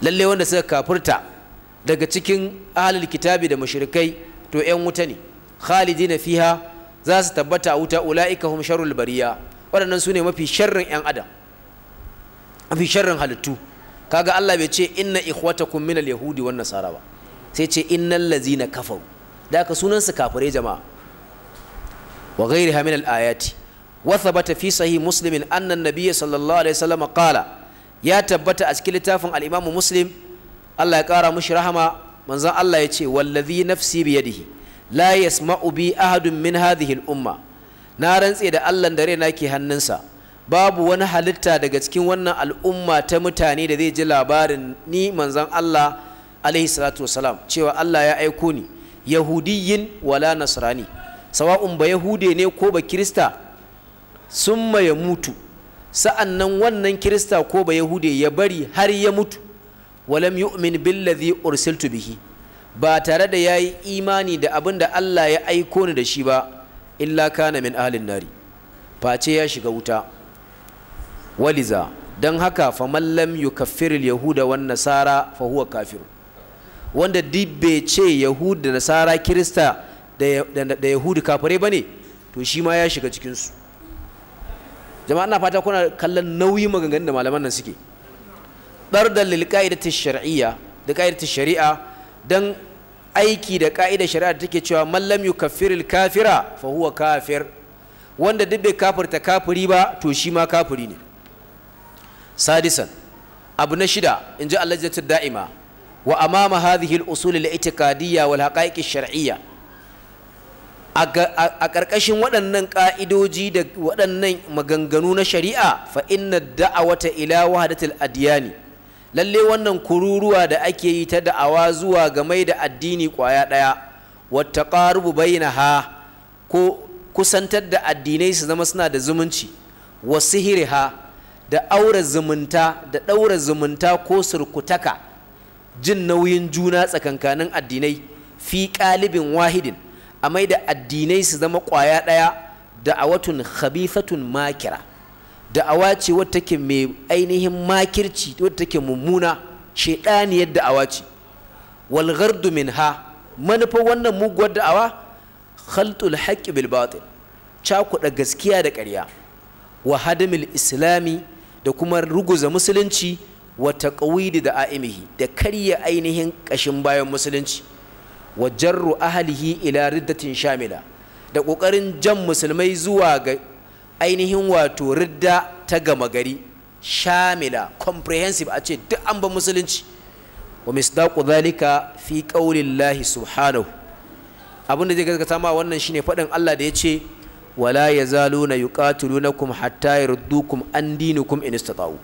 lalle wanda suka kafurta daga cikin ahlil kitabi da mushrikai to ƴan wuta ne khalidina fiha za su tabbata a wuta ulaika hum sharrul bariya waɗannan su ne mafi sharrin ƴan adam mafi sharrin halittu kaga Allah bai ce inna ikhwatakum minal yahudi wan nasara ba sai ce innal lazina kafaru da aka sunan su kafire jama'a wa ghairiha min al ayati wa thabata fi sahih muslim anna an-nabiy sallallahu alaihi wasallam qala ya tabbata a cikin littafin al-imam muslim Allah ya kara mushi rahama manzon Allah ya ce wallazi nafsi bi yadihi la yasma'u bi ahadun min hadhihi al-umma na rantse da Allah da raina ke hannunsa babu wani halitta daga cikin wannan al'umma ta mutane da zai ji labarin ni manzon Allah alaihi salatu wasalam cewa Allah ya aiko ni yahudiyin wala nasrani sawa'un ba yahude ne ko ba kirista Sun ya mutu sa'annan wannan kirista ko ba yahude ya bari har ya mutu walam yu'min billazi ursiltu bihi ba tare da yayi imani da abin da Allah ya aiko ni da shi ba illa kana min ahlin nari face ya shiga wuta waliza dan haka faman lam yukaffiril yahuda wan nasara fa huwa kafirun wanda dibbe ce yahudu da nasara kirista da yahudu kafare ba ne to shi ma ya shiga cikinsu jama'a na fata kuna kallon nauyi maganganun da malaman nan suke ɗar shari'a da ƙa'idatar shari'a don aiki da ƙa'idar shari'a da take cewa mallam yu kafiril kafira fa huwa kafir wanda duk bai kafirta kafiri ba to shi ma kafiri ne sadisan abu na shida in ji allajatul da'ima wa amama hadhihi al-usul al-i'tiqadiyya wal haqa'iq ash-shar'iyya a ƙarƙashin waɗannan ka'idoji da waɗannan maganganu na shari'a fa inna da'awata ila wahdatil adyani lalle wannan kururuwa da ake yi ta da'awa zuwa ga mai da addini kwaya ɗaya wata ƙarubu bainaha ko kusantar da addinai su zama suna da zumunci wa sihiriha da aure zumunta da ɗaura zumunta ko surkutaka jin nauyin juna tsakankanin addinai fi ƙalibin wahidin a mai da addinai su zama ƙwaya ɗaya watun khabifatun makira a ce wata take mai ainihin makirci wata take mummuna shaidaniyar a ce walgar domin ha manufar wannan muguwar awa khaltul haqqi bil batil cakuɗa gaskiya da ƙarya wa hadamil islami da kuma ruguza musulunci wa taqwidi da aimihi da karya ainihin kashin bayan musulunci wa jarru ila riddatin shamila da kokarin jan musulmai zuwa ga ainihin wato ridda ta gama gari shamila comprehensive a ce duk an ba musulunci wa misdaqu dhalika fi qaulillahi subhanahu abinda zai gaskata ma wannan shine faɗin Allah da ya ce wala yazaluna yuqatilunakum hatta yardukum an dinikum in istata'u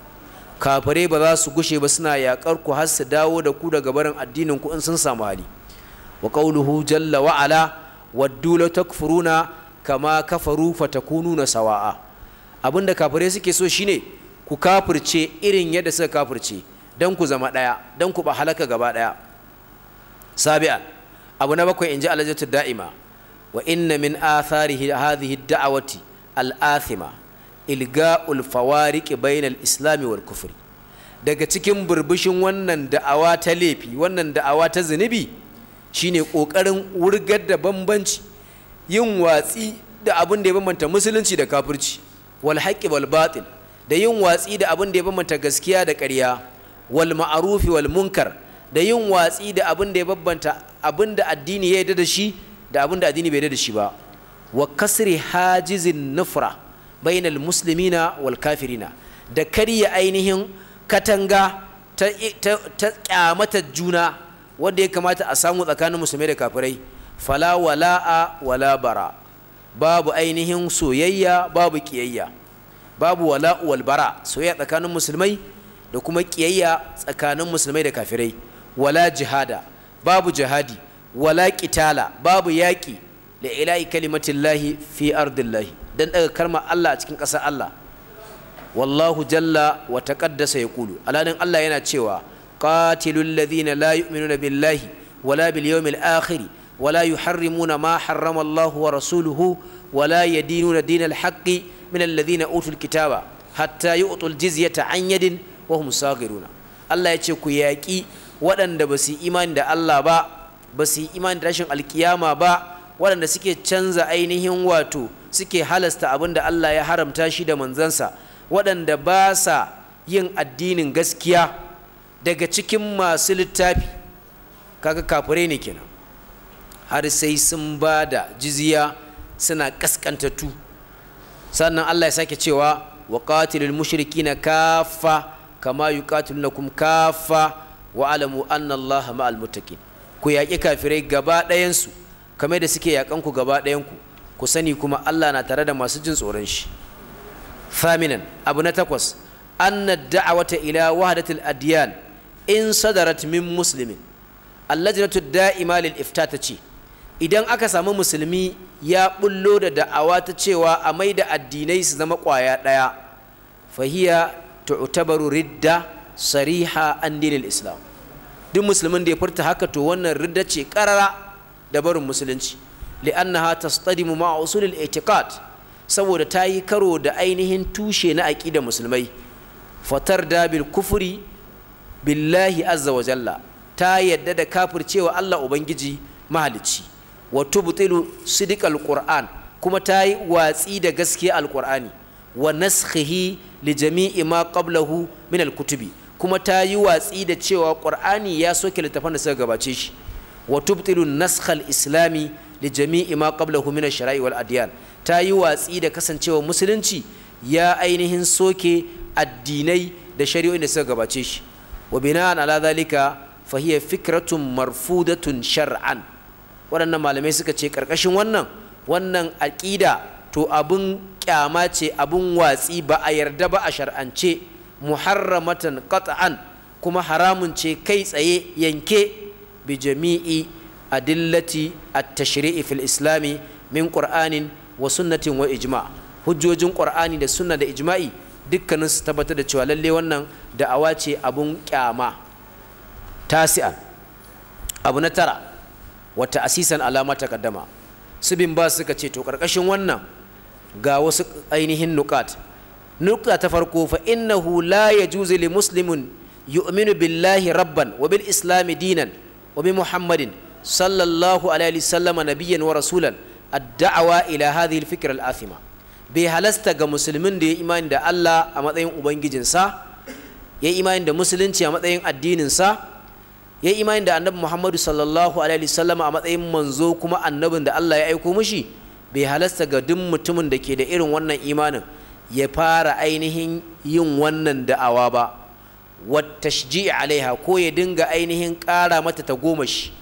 kafare ba za su gushe ba suna yakar ku har su dawo da ku daga barin addinin ku in sun samu hali wa qauluhu jalla wa ala waddu la takfuruna kama kafaru fatakununa sawa'a abinda kafare suke so shine ku kafirce irin yadda suka kafirce dan ku zama daya dan ku ba halaka gaba daya sabi'a abu na bakwai inji alajatu da'ima wa inna min atharihi hadhihi da'awati al-athima ilga'ul fawariki bainal islami wal kufri daga cikin burbushin wannan da'awa ta laifi wannan da'awa ta zunubi shine kokarin wurgar da bambanci yin watsi da abin da ya bambanta musulunci da kafirci wal haqqi wal batil da yin watsi da abin da ya bambanta gaskiya da ƙarya wal ma'arufi wal munkar da yin watsi da abin da ya bambanta abin da addini ya yarda da shi da abin da addini bai yarda da shi ba wa kasri hajizin nufra bainal muslimina wal kafirina da karya ainihin katanga ta kyamata juna wanda ya kamata a samu tsakanin musulmai da kafirai fala wala'a wala bara babu ainihin soyayya babu kiyayya babu wala'u wal bara soyayya tsakanin musulmai da kuma kiyayya tsakanin musulmai da kafirai wala jihada babu jihadi wala kitala babu yaƙi da ila'i kalimatillahi fi ardillahi dan daga karma Allah a cikin ƙasar Allah wallahu jalla wa taqaddasa yaqulu aladin Allah yana cewa qatilul ladina la yu'minuna billahi wala bil yawmil akhir wala yuharrimuna ma harrama Allah wa rasuluhu wala yadinuna dinal haqqi min alladhina utul kitaba hatta yu'tul jizyata an yadin wa hum saghiruna Allah ya ce ku yaƙi waɗanda ba su yi imani da Allah ba ba su yi imani da rashin alkiyama ba waɗanda suke canza ainihin wato suke halasta abin da Allah ya haramta shi da manzansa waɗanda ba sa yin addinin gaskiya daga cikin masu littafi kaga kafirai ne kenan har sai sun ba da jizya suna kaskantattu sannan Allah ya sake cewa wa qatilul mushrikina kaffa kama yuqatilunakum kaffa wa alamu anna Allah ma'al muttaqin ku yaƙi kafirai gaba ɗayansu kamar da suke yaƙan ku gaba ɗayanku ku sani kuma Allah na tare da masu jin tsoron shi thaminan abu na takwas anna da'awata ila wahdatil adyan in sadarat min muslimin allajnatu da'ima lil ifta ta ce idan aka samu musulmi ya bullo da da'awa ta cewa a mai da addinai su zama kwaya daya fahiya tu'tabaru ridda sariha an dinil islam duk musulmin da ya furta haka to wannan ridda ce karara da barin musulunci li'annaha tastadimu ma usulil i'tiqad saboda ta yi karo da ainihin tushe na aqida musulmai fatar da bil kufri billahi azza wa jalla ta yadda da kafircewa Allah ubangiji mahalicci wa tubtilu sidqal qur'an kuma ta yi watsi da gaskiya alqur'ani wa naskhi li jami'i ma qablahu min alkutubi kuma ta yi watsi da cewa qur'ani ya soke littafan da suka gabace shi wa tubtilu naskhar islami li jami'i ma qablahu min sharai wal adyan ta yi watsi da kasancewa musulunci ya ainihin soke addinai da shari'o'in da suka gabace shi wa bina'an ala zalika fa hiya fikratun marfudatun shar'an waɗannan malamai suka ce karkashin wannan wannan aqida to abun kyama ce abun watsi ba a yarda ba a shar'ance muharramatan qat'an kuma haramun ce kai tsaye yanke bi jami'i adillati at-tashri'i fil islami min qur'anin wa sunnatin wa ijma' hujjojin qur'ani da sunna da ijma'i dukkanin su tabbatar da cewa lalle wannan da'awa ce abun kyama tasi'an abu na tara wata asisan alama ta kaddama su bin ba suka ce to karkashin wannan ga wasu ainihin nukat nukta ta farko fa innahu la yajuzu li muslimin yu'minu billahi rabban wa bil islami dinan wa bi muhammadin sallallahu alaihi sallama nabiyyan wa rasulan ad-da'awa ila hadhihi al-fikr al-athima bai halasta ga musulmin da ya imani da Allah a matsayin ubangijinsa ya imani da musulunci a matsayin addininsa ya imani da annabi Muhammadu sallallahu alaihi sallama a matsayin manzo kuma annabin da Allah ya aiko mishi bai halasta ga duk mutumin da ke da irin wannan imanin ya fara ainihin yin wannan da'awa ba wa tashji'i alaiha ko ya dinga ainihin ƙara mata ta goma shi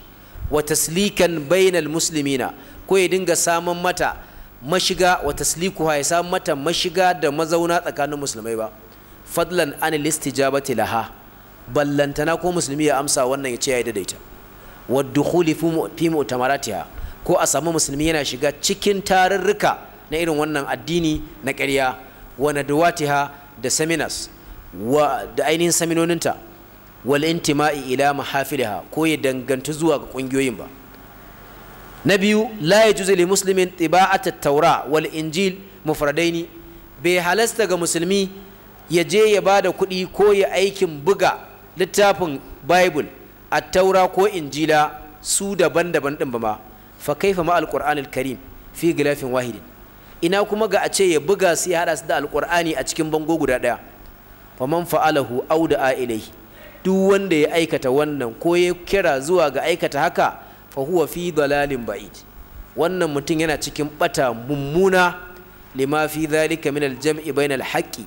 wa taslikan bainal muslimina ko ya dinga samun mata mashiga wa tasliku ya samun mata mashiga da mazauna tsakanin musulmai ba fadlan an listijabati laha ballantana ko musulmi ya amsa wannan ya ce ya daidaita wa dukhuli fi mu'tamaratiha ko a samu musulmi yana shiga cikin tarurruka na irin wannan addini na ƙarya wa da seminars wa da ainihin saminoninta wal intima'i ila mahafiliha ko ya danganta zuwa ga kungiyoyin ba na biyu la yajuzu li muslimin tiba'at at-taura wal injil mufradaini bai halasta ga musulmi ya je ya bada kuɗi ko ya aikin buga littafin bible at-taura ko injila su daban-daban din ba ma fa kaifa ma al-qur'an al-karim fi gilafin wahidin ina kuma ga a ce ya buga su ya hada su da al-qur'ani a cikin bango guda daya faman fa'alahu aw ilayhi duk wanda ya aikata wannan ko ya kira zuwa ga aikata haka fa huwa fi dalalin ba'id wannan mutum yana cikin bata mummuna lima fi dhalika min al-jam'i bayna al-haqqi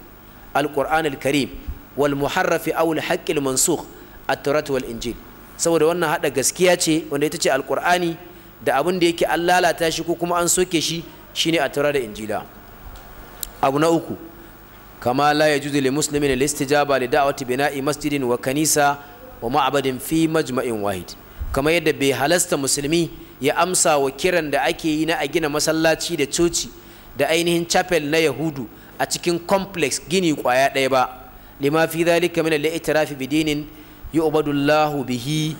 al-Qur'an al-Karim wal muharraf aw al haqq al-mansukh at-Taurat wal Injil saboda wannan hada gaskiya ce wanda ita ce al da abin da yake an lalata shi ko kuma an soke shi shine at-Taurat da Injila abu na uku kamala la yajuzu li muslimin al-istijaba da da'wati bina'i masjidin wa kanisa wa ma'badin fi majma'in wahid kama yadda bai halasta musulmi ya amsa wa kiran da ake yi na a gina masallaci da coci da ainihin chapel na yahudu a cikin complex gini kwaya ɗaya ba limafi fi dhalika min al-i'tirafi bidinin yu'badu Allahu bihi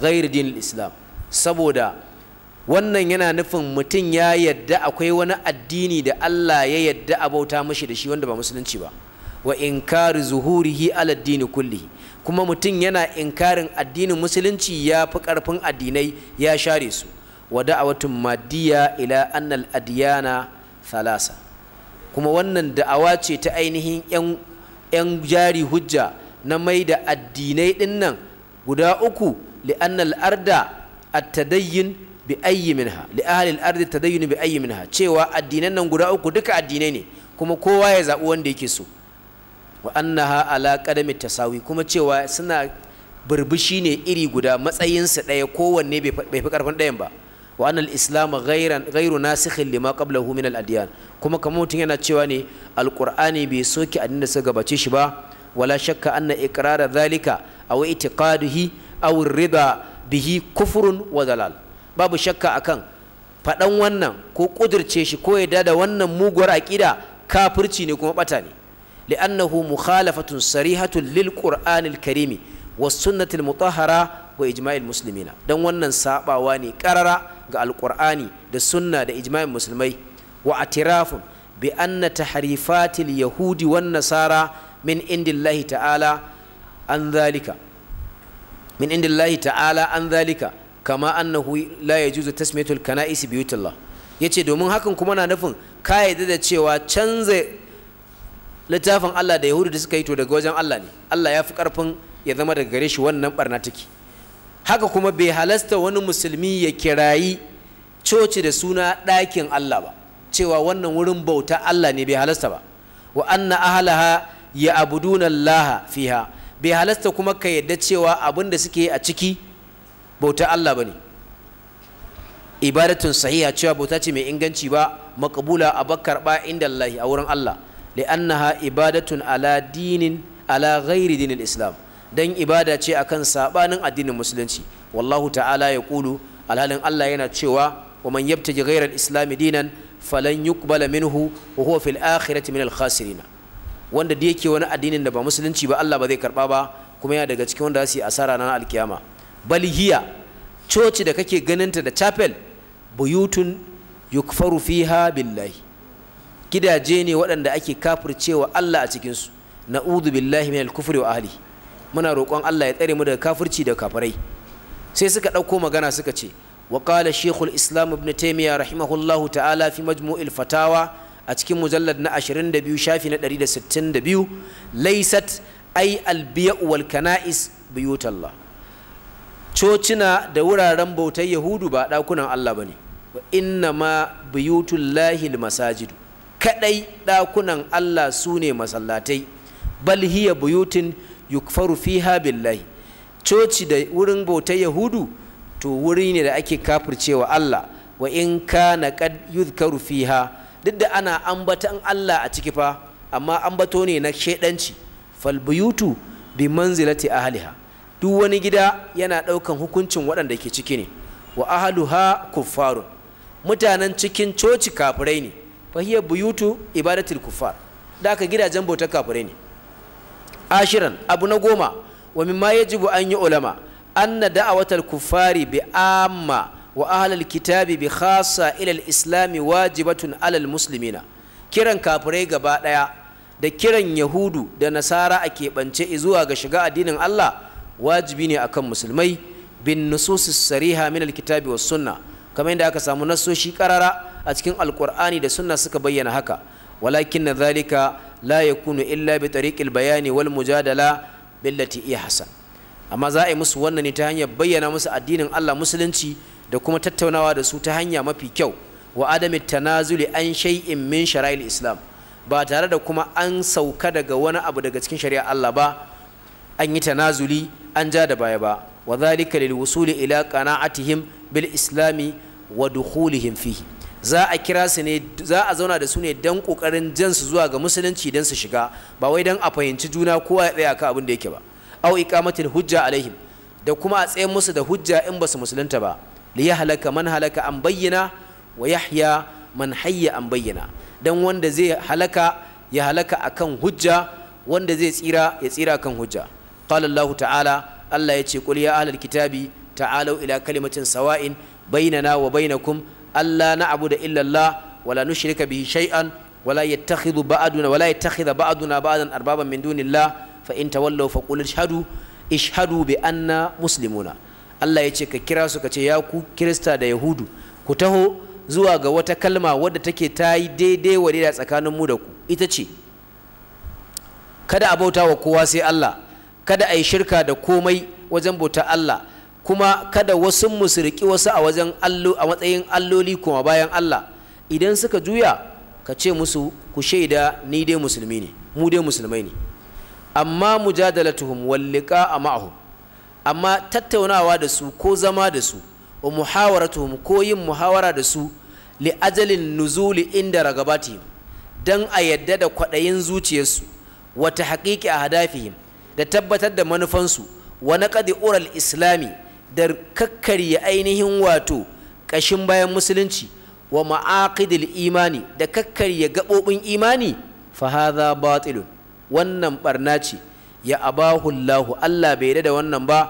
ghairu din islam saboda wannan yana nufin mutum ya yadda akwai wani addini da Allah ya yadda a bauta mashi da shi wanda ba musulunci ba wa inkari zuhurihi ala addini kullihi kuma mutum yana inkarin addinin musulunci ya fi karfin addinai ya share su wa da'awatun maddiya ila annal adiyana thalasa kuma wannan da'awa ce ta ainihin yan jari hujja na mai da addinai dinnan guda uku li annal arda at bi ayyi minha li ahli al-ardi tadayyun bi ayyi minha cewa addinan nan guda uku duka addinai ne kuma kowa ya zabi wanda yake so wa annaha ala qadami tasawi kuma cewa suna burbushi ne iri guda matsayinsa ɗaya kowanne bai fi karfin ɗayan ba wa annal islam ghairan ghairu nasikhin lima qablahu min al-adyan kuma kamar mutum yana cewa ne alqur'ani bai soke addinin da suka gabace shi ba wala shakka anna iqrara dhalika aw itiqaduhi aw rida bihi kufrun wa dalal babu shakka akan faɗan wannan ko ƙudurce shi ko yadda da wannan muguwar aƙida kafirci ne kuma ɓata ne li'annahu mukhalafatun sarihatun lil qur'anil karimi wa sunnatil mutahhara wa ijma'il muslimina dan wannan sabawa ne karara ga alqur'ani da sunna da ijma'in musulmai wa atirafun bi anna tahrifatil yahudi wan nasara min indillahi ta'ala an dhalika min indillahi ta'ala an dhalika kama annahu la yajuzu tasmiyatul kana'is biyutillah yace domin hakan kuma na nufin ka yadda da cewa canza littafin Allah da Yahudu da suka yi to daga wajen Allah ne Allah ya fi karfin ya zama daga gare shi wannan barna take haka kuma bai halasta wani musulmi ya kirayi coci da suna dakin Allah ba cewa wannan wurin bauta Allah ne bai halasta ba wa anna ahlaha ya abuduna Allah fiha bai halasta kuma ka yadda cewa abin da suke a ciki bauta Allah ne ibadatun sahiha cewa bauta ce mai inganci ba makabula a bakar ba inda Allah a wurin Allah annaha ibadatun ala dinin ala ghairi dinin islam dan ibada ce akan sabanin addinin musulunci wallahu ta'ala ya kulu alhalin Allah yana cewa wa man yabtaji ghairal islami dinan falan yuqbala minhu wa huwa fil akhirati minal khasirin wanda da yake wani addinin da ba musulunci ba Allah ba zai karba ba kuma yana daga cikin wanda za su yi asara na alkiyama bal hiya coci da kake ganinta da chapel buyutun yukfaru fiha billahi gidaje ne waɗanda ake kafircewa Allah a cikinsu na'udhu billahi minal kufri wa ahli muna roƙon Allah ya tsare mu daga kafirci da kafirai sai suka ɗauko magana suka ce wa qala shaykhul islam ibn taymiya rahimahullahu ta'ala fi majmu'il fatawa a cikin mujallad na 22 shafi na 162 laysat ay albiya'u wal kana'is buyutallah cocina da wuraren bautar yahudu ba ɗakunan Allah ba ne wa inna ma buyutullahi masajidu kaɗai ɗakunan Allah su ne masallatai bal hiya buyutin yukfaru fiha billahi coci da wurin bautar yahudu to wuri ne da ake kafircewa Allah wa in kana qad yuzkaru fiha duk da ana ambatan Allah a ciki fa amma ambato ne na shaidanci. fal buyutu bi manzilati ahliha duk wani gida yana ɗaukan hukuncin waɗanda ke ciki ne wa ha kuffarun mutanen cikin coci kafirai ne fa buyutu ibadatul kuffar da aka gidajen bautar kafirai ne ashiran abu na goma wa mimma yajibu an yi ulama anna da'awatal kuffari bi amma wa ahlal kitabi bi khassa ila islami wajibatun alal muslimina kiran kafirai gaba daya da kiran yahudu da nasara a keɓance zuwa ga shiga addinin Allah wajibi ne akan musulmai bin nususis sariha min alkitabi was sunna kamar yadda aka samu nasoshi karara a cikin alqur'ani da sunna suka bayyana haka walakin zalika la yakunu illa bi tariqil bayani wal mujadala billati iya hasan amma za a yi musu wannan ne ta hanyar bayyana musu addinin Allah musulunci da kuma tattaunawa da su ta hanya mafi kyau wa adami tanazuli an shay'in min shara'il islam ba tare da kuma an sauka daga wani abu daga cikin shari'a Allah ba an yi tanazuli an ja da baya ba wa zalika lil wusuli ila qana'atihim bil islami wa dukhulihim fihi za a kira su ne za a zauna da su ne dan kokarin jan su zuwa ga musulunci dan su shiga ba wai dan a fahimci juna ko ya tsaya ka abin da yake ba aw iqamatil hujja alaihim da kuma a tsayin musu da hujja in ba su musulunta ba li yahlaka man halaka an bayyana wa yahya man hayya an bayyana dan wanda zai halaka ya halaka akan hujja wanda zai tsira ya tsira kan hujja qala Allah ta'ala Allah ya ce qul ya ahlal kitabi ta'alu ila kalimatin sawa'in bainana wa bainakum alla na'budu illa Allah wa la nushrika bihi shay'an wa la yattakhidhu ba'duna wa la yattakhidha ba'duna ba'dan arbaban min dunillah fa in tawallaw fa qul ishhadu ishhadu bi anna muslimuna Allah ya ce ka kira su ka ce ya ku kirista da yahudu ku taho zuwa ga wata kalma wadda take ta daidai wa tsakanin mu da ku ita ce kada a bauta wa kowa sai Allah kada a yi shirka da komai wajen bauta Allah kuma kada wasu musurki wasu a wajen allo a matsayin alloli kuma bayan Allah idan suka juya ka ce musu ku shaida ni dai musulmi ne mu dai musulmai ne amma mujadalatuhum walliqa ma'ahu amma tattaunawa da su ko zama da su wa muhawaratuhum ko yin muhawara da su li ajalin nuzuli inda ragabatihim dan a yadda da kwaɗayin zuciyarsu wata haƙiƙi a hadafihim da tabbatar da manufansu wa naqdi ural islami da kakkarya ainihin wato kashin bayan musulunci wa ma'aqidil imani da kakkarya gabobin imani fa hadha batilun wannan barna ce ya abahu Allah Allah bai da wannan ba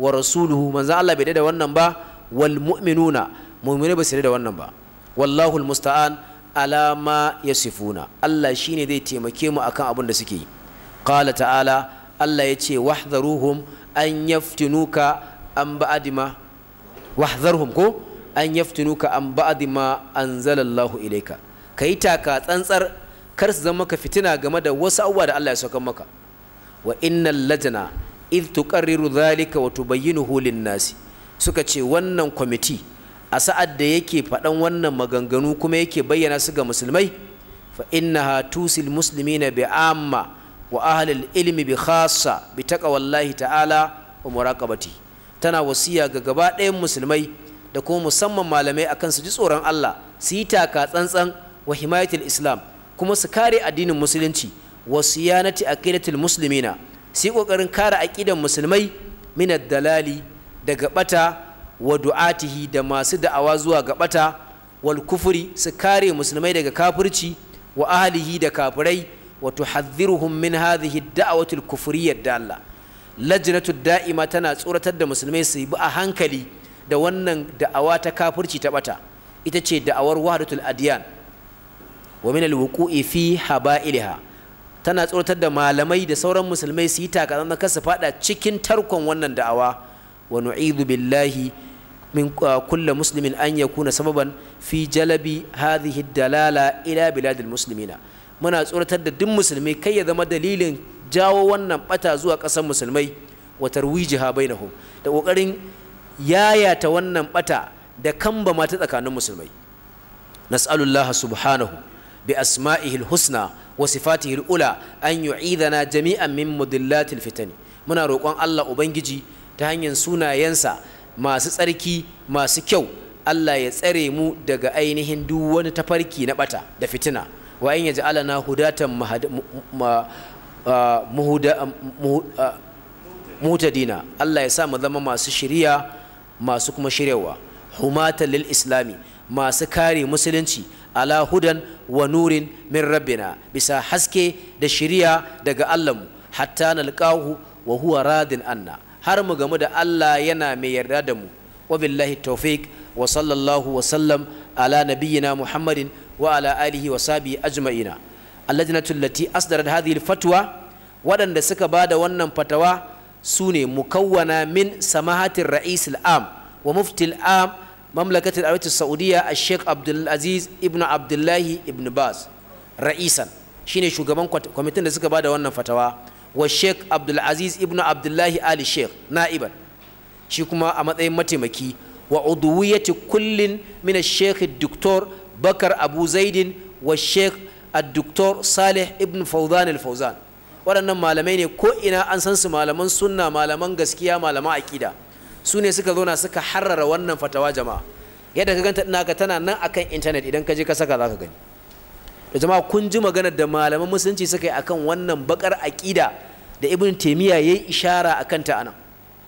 wa rasuluhu manzo Allah bai da wannan ba wal mu'minuna mu'mini ba su da wannan ba wallahu almusta'an ala ma yasifuna Allah shine zai taimake mu akan abin da suke yi qala ta'ala Allah ya ce wahzaruhum an yaftinuka an ba'adima wahzarhum ko an yaftinuka an ba'adima anzalallahu ilaika kai taka tsantsar kar su zama ka fitina game da wasu abubuwa da Allah ya saukar maka wa innal lajna id tuqarriru dhalika wa tubayyinuhu lin-nasi suka ce wannan kwamiti a sa'ad da yake faɗan wannan maganganu kuma yake bayyana su ga musulmai fa innaha tusil muslimina bi amma wa ahlul ilmi bi khassa bi taqwallahi ta'ala wa muraqabati tana wasiya ga gaba ɗayan musulmai da kuma musamman malamai akan su ji tsoron Allah su yi taka tsantsan wa himayatul islam kuma su kare addinin musulunci wasu yanati aqidatul musulmina su yi kokarin kare aqidan musulmai min dalali daga bata wa du'atihi da masu da'awa zuwa ga bata wal kufuri su kare musulmai daga kafirci wa ahlihi da kafirai wa tuhadhdhiruhum min hadhihi ad-da'wati al-kufriyyah dalla lajnatu da'ima tana tsoratar da musulmai su bi a hankali da wannan da'awa ta kafirci ta bata ita ce da'awar wahdatul adyan wa min al-wuqu'i fi haba'ilha tana tsoratar da malamai da sauran musulmai su yi takatsantsan kar su fada cikin tarkon wannan da'awa wa nu'idhu billahi min kulli muslimin an yakuna sababan fi jalabi hadhihi dalala ila biladil muslimina muna tsoratar da duk musulmi kai ya zama dalilin jawo wannan bata zuwa ƙasar musulmai wa tarwijiha bainahum da kokarin yayata wannan bata da kamba mata tsakanin musulmai nas'alullaha subhanahu bi asma'ihil husna wa sifatihi ula an yu'idana jami'an min mudillatil fitani muna roƙon Allah ubangiji ta hanyar sunayensa masu tsarki masu kyau Allah ya tsare mu daga ainihin duk wani tafarki na bata da fitina wa in yaj'alana hudatan muhtadina Allah ya sa mu zama masu shiriya masu kuma shiryawa humata lil islami masu kare musulunci ala hudan wa nurin min rabbina bisa haske da shiriya daga allah mu hatta nalqahu wa huwa radin anna har mu gamu da Allah yana mai yarda da mu wa billahi tawfiq wa sallallahu wa sallam ala nabiyyina muhammadin وعلى آله وصحبه أجمعين اللجنة التي أصدرت هذه الفتوى ودن سكا بعد ونن فتوى سوني مكونة من سماحة الرئيس العام ومفتي العام مملكة العربية السعودية الشيخ عبد العزيز ابن عبد الله ابن باز رئيسا شيني شوغبان كوميتين سكا بعد ونن فتوى والشيخ عبد العزيز ابن عبد الله آل الشيخ نائبا شيكما أمد أي متمكي وعضوية كل من الشيخ الدكتور bakar abu zaidin wa sheikh addoktor salih ibn fauzan al-fauzan waɗannan malamai ne ko ina an san su malaman sunna malaman gaskiya malaman aƙida su ne suka zauna suka harrara wannan fatawa jama'a yadda ka ganta ka tana nan akan intanet idan ka je ka saka za ka gani da jama'a kun ji maganar da malaman musulunci suka yi akan wannan bakar aƙida da ibn taimiya ya yi ishara a kanta anan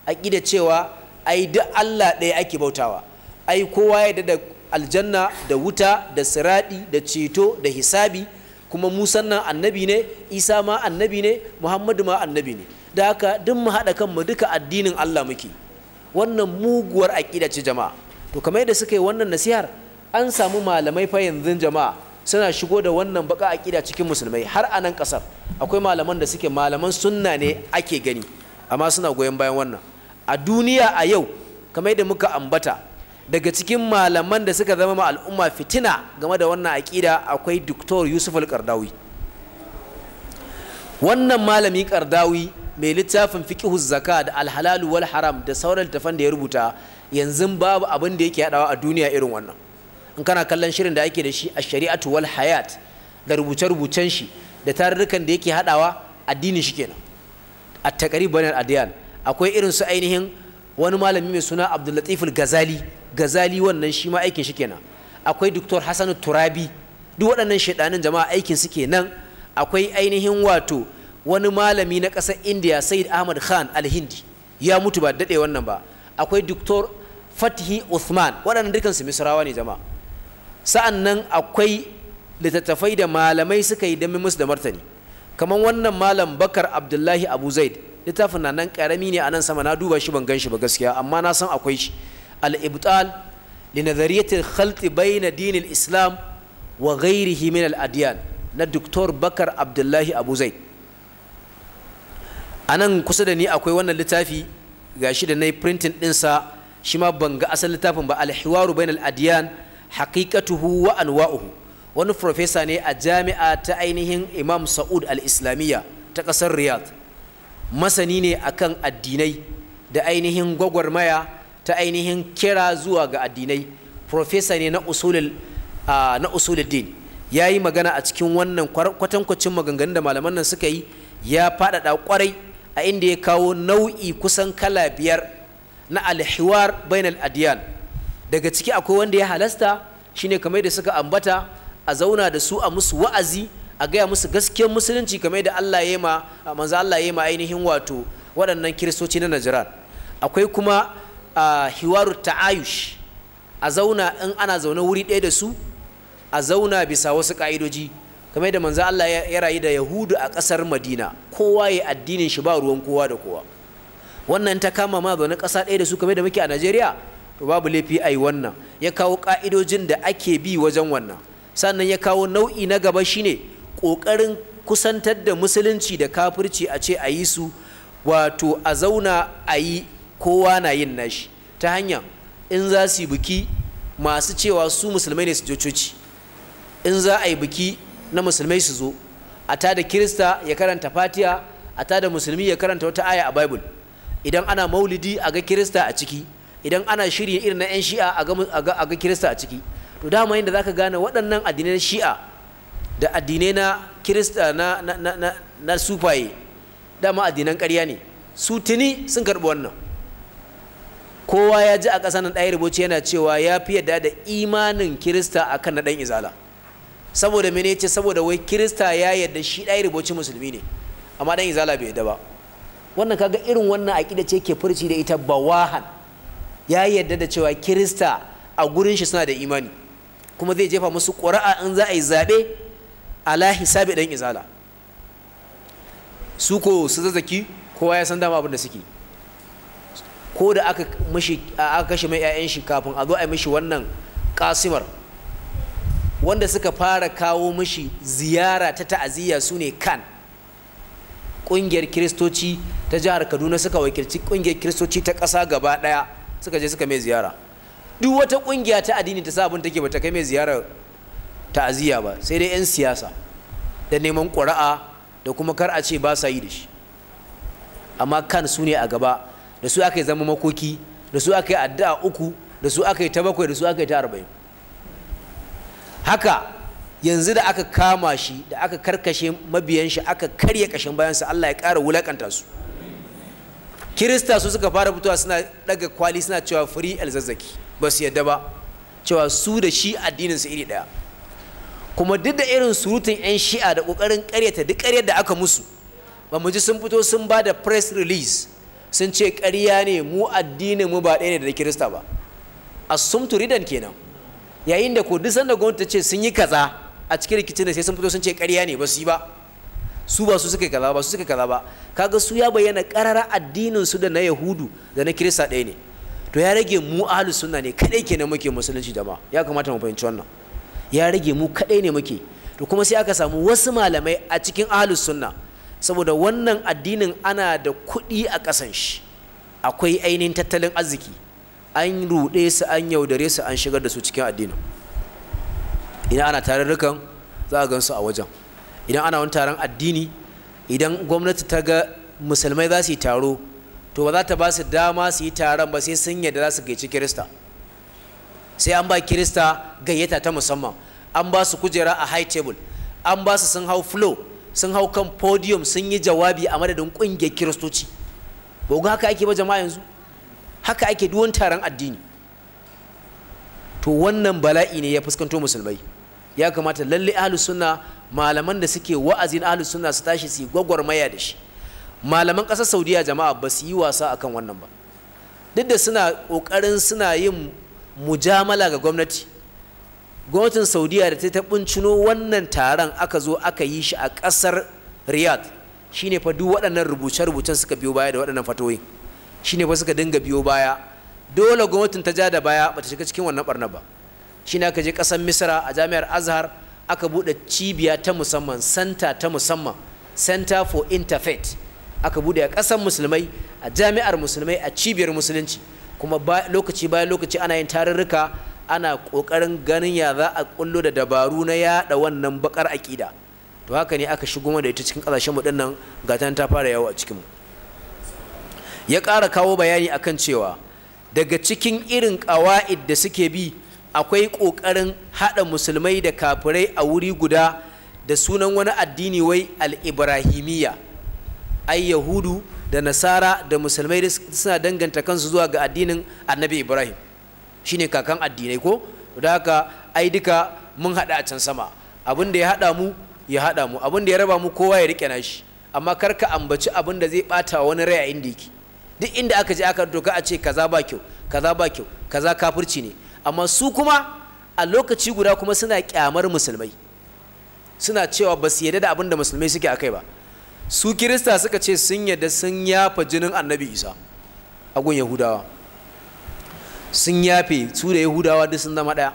aƙida cewa ai duk allah ɗaya ake bautawa ai kowa ya da aljanna da wuta da siradi da ceto da hisabi kuma musan nan annabi ne isa ma annabi ne muhammadu ma annabi ne da haka duk mu haɗa kanmu duka addinin allah muke wannan muguwar aƙida ce jama'a to kamar yadda suka yi wannan nasihar an samu malamai fa yanzu jama'a suna shigo da wannan baka aƙida cikin musulmai har a nan ƙasar akwai malaman da suke malaman sunna ne ake gani amma suna goyon bayan wannan a duniya a yau kamar yadda muka ambata daga cikin malaman da suka zama al'umma fitina game da wannan aƙida akwai Dr. Yusuf al kardawi wannan malami kardawi mai littafin fiqhu zaka da alhalalu wal haram da sauran littafan da ya rubuta yanzu babu abin da yake hadawa a duniya irin wannan in kana kallon shirin da ake da shi a shari'atu wal hayat da rubuce-rubucen shi da tarurrukan da yake hadawa addinin shi kenan a taqrib bainal akwai irin su ainihin wani malami mai suna Abdul Gazali. gazali wannan shi ma aikin shi kenan akwai doktor hasanu turabi duk waɗannan shaidanin jama'a aikin su kenan akwai ainihin wato wani malami na ƙasar indiya said ahmad khan alhindi ya mutu ba daɗe wannan ba akwai doktor fatihi uthman waɗannan dukkan su misrawa ne jama'a sa'an nan akwai littattafai da malamai suka yi don musu da martani kamar wannan malam bakar abdullahi abu zaid littafin na nan ƙarami ne a nan sama na duba shi ban gan shi ba gaskiya amma na san akwai shi al-ibtal li nazariyatil khalt bayna dinil islam wa ghairihi min al-adyan na Dr. Bakar Abdullahi Abu a anan kusa da ni akwai wannan littafi gashi da nayi yi din ɗinsa shi ma ban ga asalin littafin ba al-hiwaru bainal adyan haqiqatuhu wa anwa'uhu wani professor ne a jami'a ta ainihin Imam Saud al-Islamiyya ta ƙasar Riyadh masani ne akan addinai da ainihin gwagwarmaya ta ainihin kira zuwa ga addinai profesa ne na usulul din ya yi magana a cikin wannan kwatankwacin maganganun da malaman nan suka yi ya faɗaɗa kwarai a inda ya kawo nau'i kusan kala biyar na alhiwar bainal adiyan daga ciki akwai wanda ya halasta shine kamar da suka ambata a zauna da su a musu wa'azi a gaya musu gaskiyar musulunci kamar da Allah ya ma manzo Allah ma ainihin wato waɗannan kiristoci na Najran akwai kuma a hiwaru ayush a zauna in ana zaune wuri ɗaya da su a zauna bisa wasu ƙa'idoji kamar yadda manzo Allah ya rayu da Yahudu a ƙasar Madina kowa ya addinin shi ba ruwan kowa da kowa wannan ta kama ma zaune ƙasa ɗaya da su kamar da muke a Najeriya to babu laifi yi wannan ya kawo ƙa'idojin da ake bi wajen wannan sannan ya kawo nau'i na gaba shine ƙoƙarin kusantar da musulunci da kafirci a ce a yi su wato a zauna a yi kowa na yin nashi ta hanya in za su yi biki masu cewa su musulmai ne su je coci in za a yi biki na musulmai su zo a ta da kirista ya karanta fatiya a ta da musulmi ya karanta wata aya a bible idan ana maulidi a ga kirista a ciki idan ana shiri irin na 'yan shi'a a ga kirista a ciki to dama yadda za ka gane waɗannan addinai na shi'a da addinai na kirista na, na, na, na sufaye dama addinan ƙarya ne su tuni sun karɓi wannan kowa ya ji a ƙasa nan ɗaya rubuci yana cewa ya fi yadda da imanin kirista a kan na ɗan izala saboda mene ce saboda wai kirista ya yadda shi ɗaya rubuci musulmi ne amma ɗan izala bai yadda ba wannan kaga irin wannan aƙida ce ke furci da ita ba bawahan ya yadda da cewa kirista a gurin shi suna da imani kuma zai jefa musu ƙura'a in za a yi zaɓe ala hisabi ɗan izala su ko su zazzaki kowa ya san dama abin da suke ko da aka mishi aka kashe mai ƴaƴan shi kafin a zo a mishi wannan kasimar wanda suka fara kawo mishi ziyara ta ta'aziyya su ne kan ƙungiyar kiristoci ta jihar kaduna suka wakilci ƙungiyar kiristoci ta ƙasa gaba ɗaya suka je suka mai ziyara duk wata ƙungiya ta addini ta sabon take bata kai mai ziyara ta'aziyya ba sai dai 'yan siyasa da neman ƙuri'a da kuma kar a ce ba sa yi da shi amma kan su ne a gaba da su aka yi zama makoki da su aka yi addu'a uku da su aka yi ta bakwai da su aka yi ta arba'in haka yanzu da aka kama shi da aka karkashe mabiyan shi aka karya kashin bayan bayansa Allah ya ƙara wulakanta su kirista su suka fara fitowa suna daga kwali suna cewa firi alzazzaki ba su yadda ba cewa su da shi addinin su iri daya kuma duk da irin surutun yan shi'a da kokarin karyata duk karyar da aka musu ba mu ji sun fito sun ba da press release sun ce ƙarya ne mu addinin mu ba ɗaya ne da kirista ba a asumtu turidan kenan yayin da ko duk sanda gwamnati ce sun yi kaza a cikin rikicin da sai sun fito sun ce ƙarya ne ba su yi ba su ba su suka kaza ba su suka kaza ba kaga su ya bayyana ƙarara addinin su da na yahudu da na kirista ɗaya ne to ya rage mu ahlus sunna ne kadai kenan muke musulunci da ya kamata mu fahimci wannan ya rage mu kadai ne muke to kuma sai aka samu wasu malamai a cikin ahlus sunna saboda wannan addinin ana da kuɗi a ƙasan shi akwai ainihin tattalin arziki an ruɗe su an yaudare su an shigar da su cikin addinin idan ana tarurrukan za a gan a wajen idan ana wani taron addini idan gwamnati ta ga musulmai za su yi taro to ba za ta ba su dama su yi taron ba sai sun yadda za su gaici kirista sai an ba kirista gayyata ta musamman an ba su kujera a high table an ba su sun hau flow sun hau kan podium sun yi jawabi a madadin ƙungiyar kiristoci ba ga haka ake ba jama'a yanzu haka ake duwan taron addini to wannan bala'i ne ya fuskanto musulmai ya kamata lalle ahlu sunna malaman da suke wa'azin ahlu sunna su tashi su yi gwagwarmaya da shi malaman ƙasar saudiya jama'a ba su yi wasa akan wannan ba duk da suna ƙoƙarin suna yin mujamala ga gwamnati gwamnatin saudiya da ta ta cino wannan taron aka zo aka yi shi a kasar riyadh shine fa duk waɗannan rubuce-rubucen suka biyo baya da waɗannan fatoyin shine fa suka dinga biyo baya dole gwamnatin ta ja da baya bata shiga cikin wannan barna ba shine aka je ƙasar misra a jami'ar azhar aka buɗe cibiya ta musamman santa ta musamman center for interfaith aka buɗe a ƙasar musulmai a jami'ar musulmai a cibiyar musulunci kuma lokaci bayan lokaci ana yin tarurruka ana ƙoƙarin ganin ya za a kullo da dabaru na yaɗa wannan bakar aƙida to haka ne aka shigo da ita cikin kasashen mu dinnan gatan ta fara yawo a cikin mu ya ƙara kawo bayani akan cewa daga cikin irin ƙawa'id da suke bi akwai ƙoƙarin haɗa musulmai da kafirai a wuri guda da sunan wani addini wai al-ibrahimiyya ai yahudu da nasara da musulmai suna danganta kansu zuwa ga addinin annabi ibrahim shine kakan addinai ko da haka ai duka mun hada a can sama abin da ya haɗa mu ya haɗa mu abin da ya raba mu kowa ya riƙe nashi amma kar ka ambaci abin da zai bata wani rai a inda yake duk inda aka je aka doka a ce kaza ba kyau kaza ba kyau kaza kafirci ne amma su kuma a lokaci guda kuma suna kyamar musulmai suna cewa ba su yarda da abin da musulmai suke akai ba su kirista suka ce sun yarda sun yafa jinin annabi isa a gun yahudawa sun yafe su da yahudawa duk sun zama ɗaya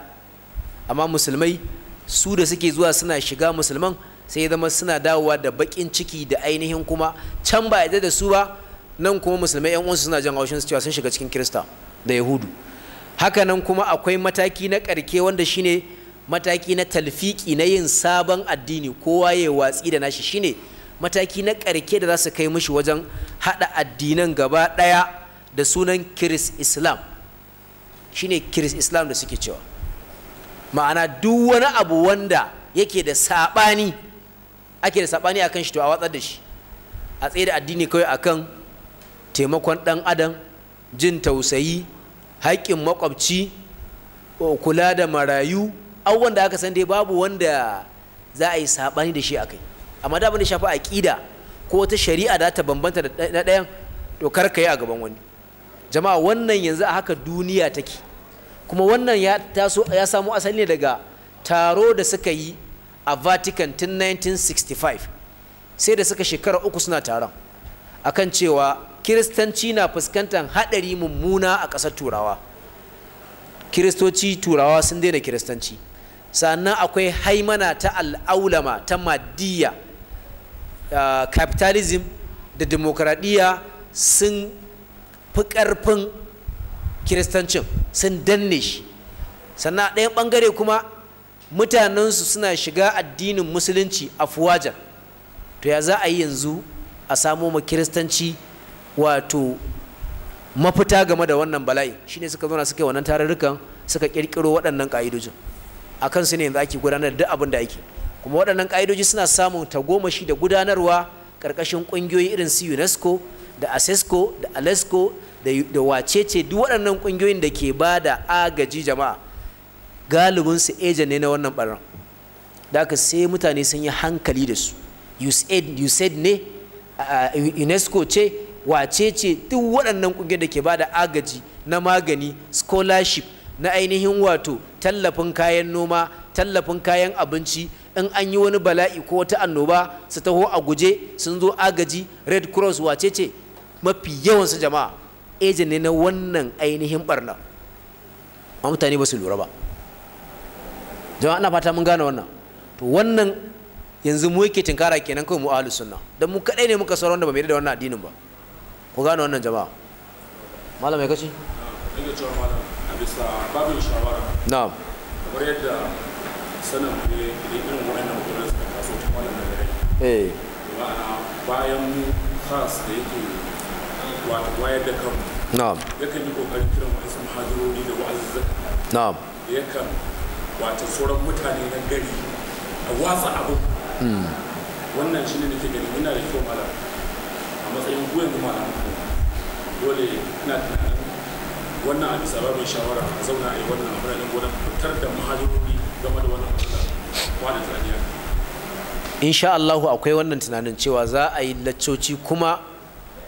amma musulmai su da suke zuwa suna shiga musulman sai ya zama suna dawowa da baƙin ciki da ainihin kuma can ba yadda da su ba nan kuma musulmai yan uwansu suna jan haushin su cewa sun shiga cikin kirista da yahudu haka nan kuma akwai mataki na ƙarke wanda shine mataki na talfiki na yin sabon addini kowa ya watsi da nashi shine mataki na ƙarke da za su kai mishi wajen haɗa addinan gaba ɗaya da sunan kiris islam shine kiris islam da suke cewa ma'ana duk wani abu wanda yake da saɓani ake da sabani akan shi to a watsar da shi a tsaye da addini kawai akan taimakon ɗan adam jin tausayi haƙƙin makwabci kula da marayu au wanda aka san dai babu wanda za a yi saɓani da shi a kai amma da abin da shafi aƙida ko wata shari'a da ta bambanta da na ɗayan to kar ka yi a gaban wani jama'a wannan yanzu a haka duniya take kuma wannan ya taso ya samo asali ne daga taro da suka yi a Vatican tun 1965 sai da suka shekara uku suna taron akan cewa kiristanci na fuskantar haɗari mummuna a ƙasar turawa kiristoci turawa sun daina kiristanci sannan akwai haimana ta al'aulama ta madiyya ah, capitalism da demokradiyya sun fi ƙarfin kiristancin sun danne shi sannan ɗaya ɓangare kuma mutanensu suna shiga addinin musulunci afuwajan to ya za a yi yanzu a samo ma kiristanci wato mafita game da wannan bala'i shine suka zauna suka yi wannan tarurrukan suka ƙirƙiro waɗannan ƙa'idojin a kansu ne yanzu ake gudanar da abin da ake kuma waɗannan ƙa'idoji suna samun tagomashi da gudanarwa ƙarƙashin ƙungiyoyi irin su unesco da asesco da alesco da wacece duk waɗannan ƙungiyoyin da ke ba da agaji jama'a galibinsu ejen ne na wannan ɓarar da aka sai mutane sun yi hankali da su usaid ne unesco ce wacece duk waɗannan ƙungiyoyin da ke ba da agaji na magani scholarship na ainihin wato tallafin kayan noma tallafin kayan abinci in an yi wani bala'i ko wata annoba su taho a guje sun zo agaji red cross wacece mafi yawansu jama'a ejin ne na wannan ainihin barna a mutane ba su lura ba jama'a ana fata mun gane wannan to wannan yanzu mu yake tinkara kenan kawai mu ahlus sunna dan mu kadai ne muka sauraron da ba mai da wannan addinin ba ku gane wannan jama'a malam ya kace bisa babin shawara na'am kamar yadda sanin ne irin wannan mutum da suka taso ta malam da rai eh ma'ana bayan khas da yake wato wayar da kanmu na'am yakan yi kokarin kiran wasu muhajirori da wa'azzaka na'am yakan wato sauran mutane na gari a watsa abu hmm. wannan shi ne nake gani yana da kyau malam a matsayin ku yanzu malam dole ina tunanin wannan a bisa babin shawara a zauna a yi wannan a biranen gona fitar da mahajirori game da wannan matsala ba da tunaniya insha Allahu akwai wannan tunanin cewa za a yi laccoci kuma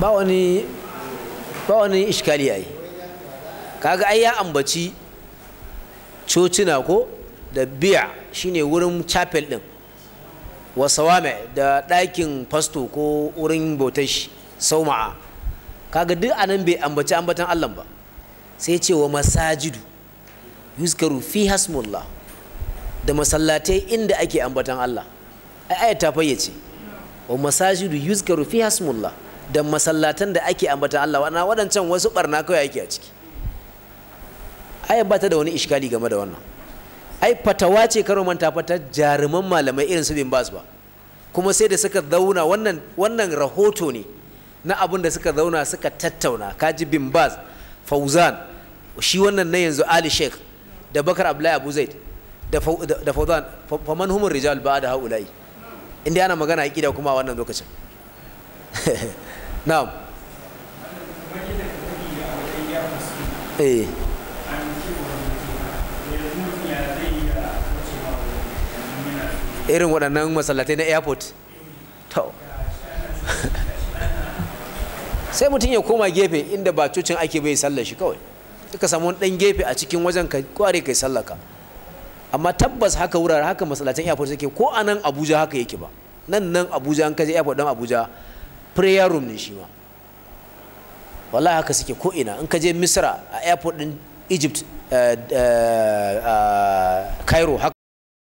ba wani ba wani iskali ai kaga ai ya ambaci cocina ko da biya shine wurin chapel din wa sawame da ɗakin fasto ko wurin bautar shi sauma'a kaga duk anan bai ambaci ambatan Allah ba sai ce wa masajidu yuzkaru fi hasmullah da masallatai inda ake ambatan Allah ai ayata ta fayyace wa masajidu yuzkaru fi hasmullah da masallatan da ake ambatan Allah wana wadancan wasu barna kawai ake a ciki aya ba ta da wani iskali game da wannan ai fatawa ce karo manta fata jaruman malamai irin su bin bas ba kuma sai da suka zauna wannan wannan rahoto ne na abin da suka zauna suka tattauna kaji bin bas fauzan shi wannan na yanzu ali sheikh da bakar abdullahi abu zaid da fauzan faman humun rijal ba da haula'i inda ana magana da kuma a wannan lokacin na'am eh. irin waɗannan masallatai na airport to sai mutum ya koma gefe inda ba cocin ake bai sallar shi kawai ka samu dan gefe a cikin wajen ka kware kai sallaka amma tabbas haka wurare haka masallacin airport suke ko a nan abuja haka yake ba nan nan abuja an kaje airport dan abuja prayer room ne shi ma wallahi haka suke ko ina in kaje misra a airport din egypt eh, eh, eh, cairo haka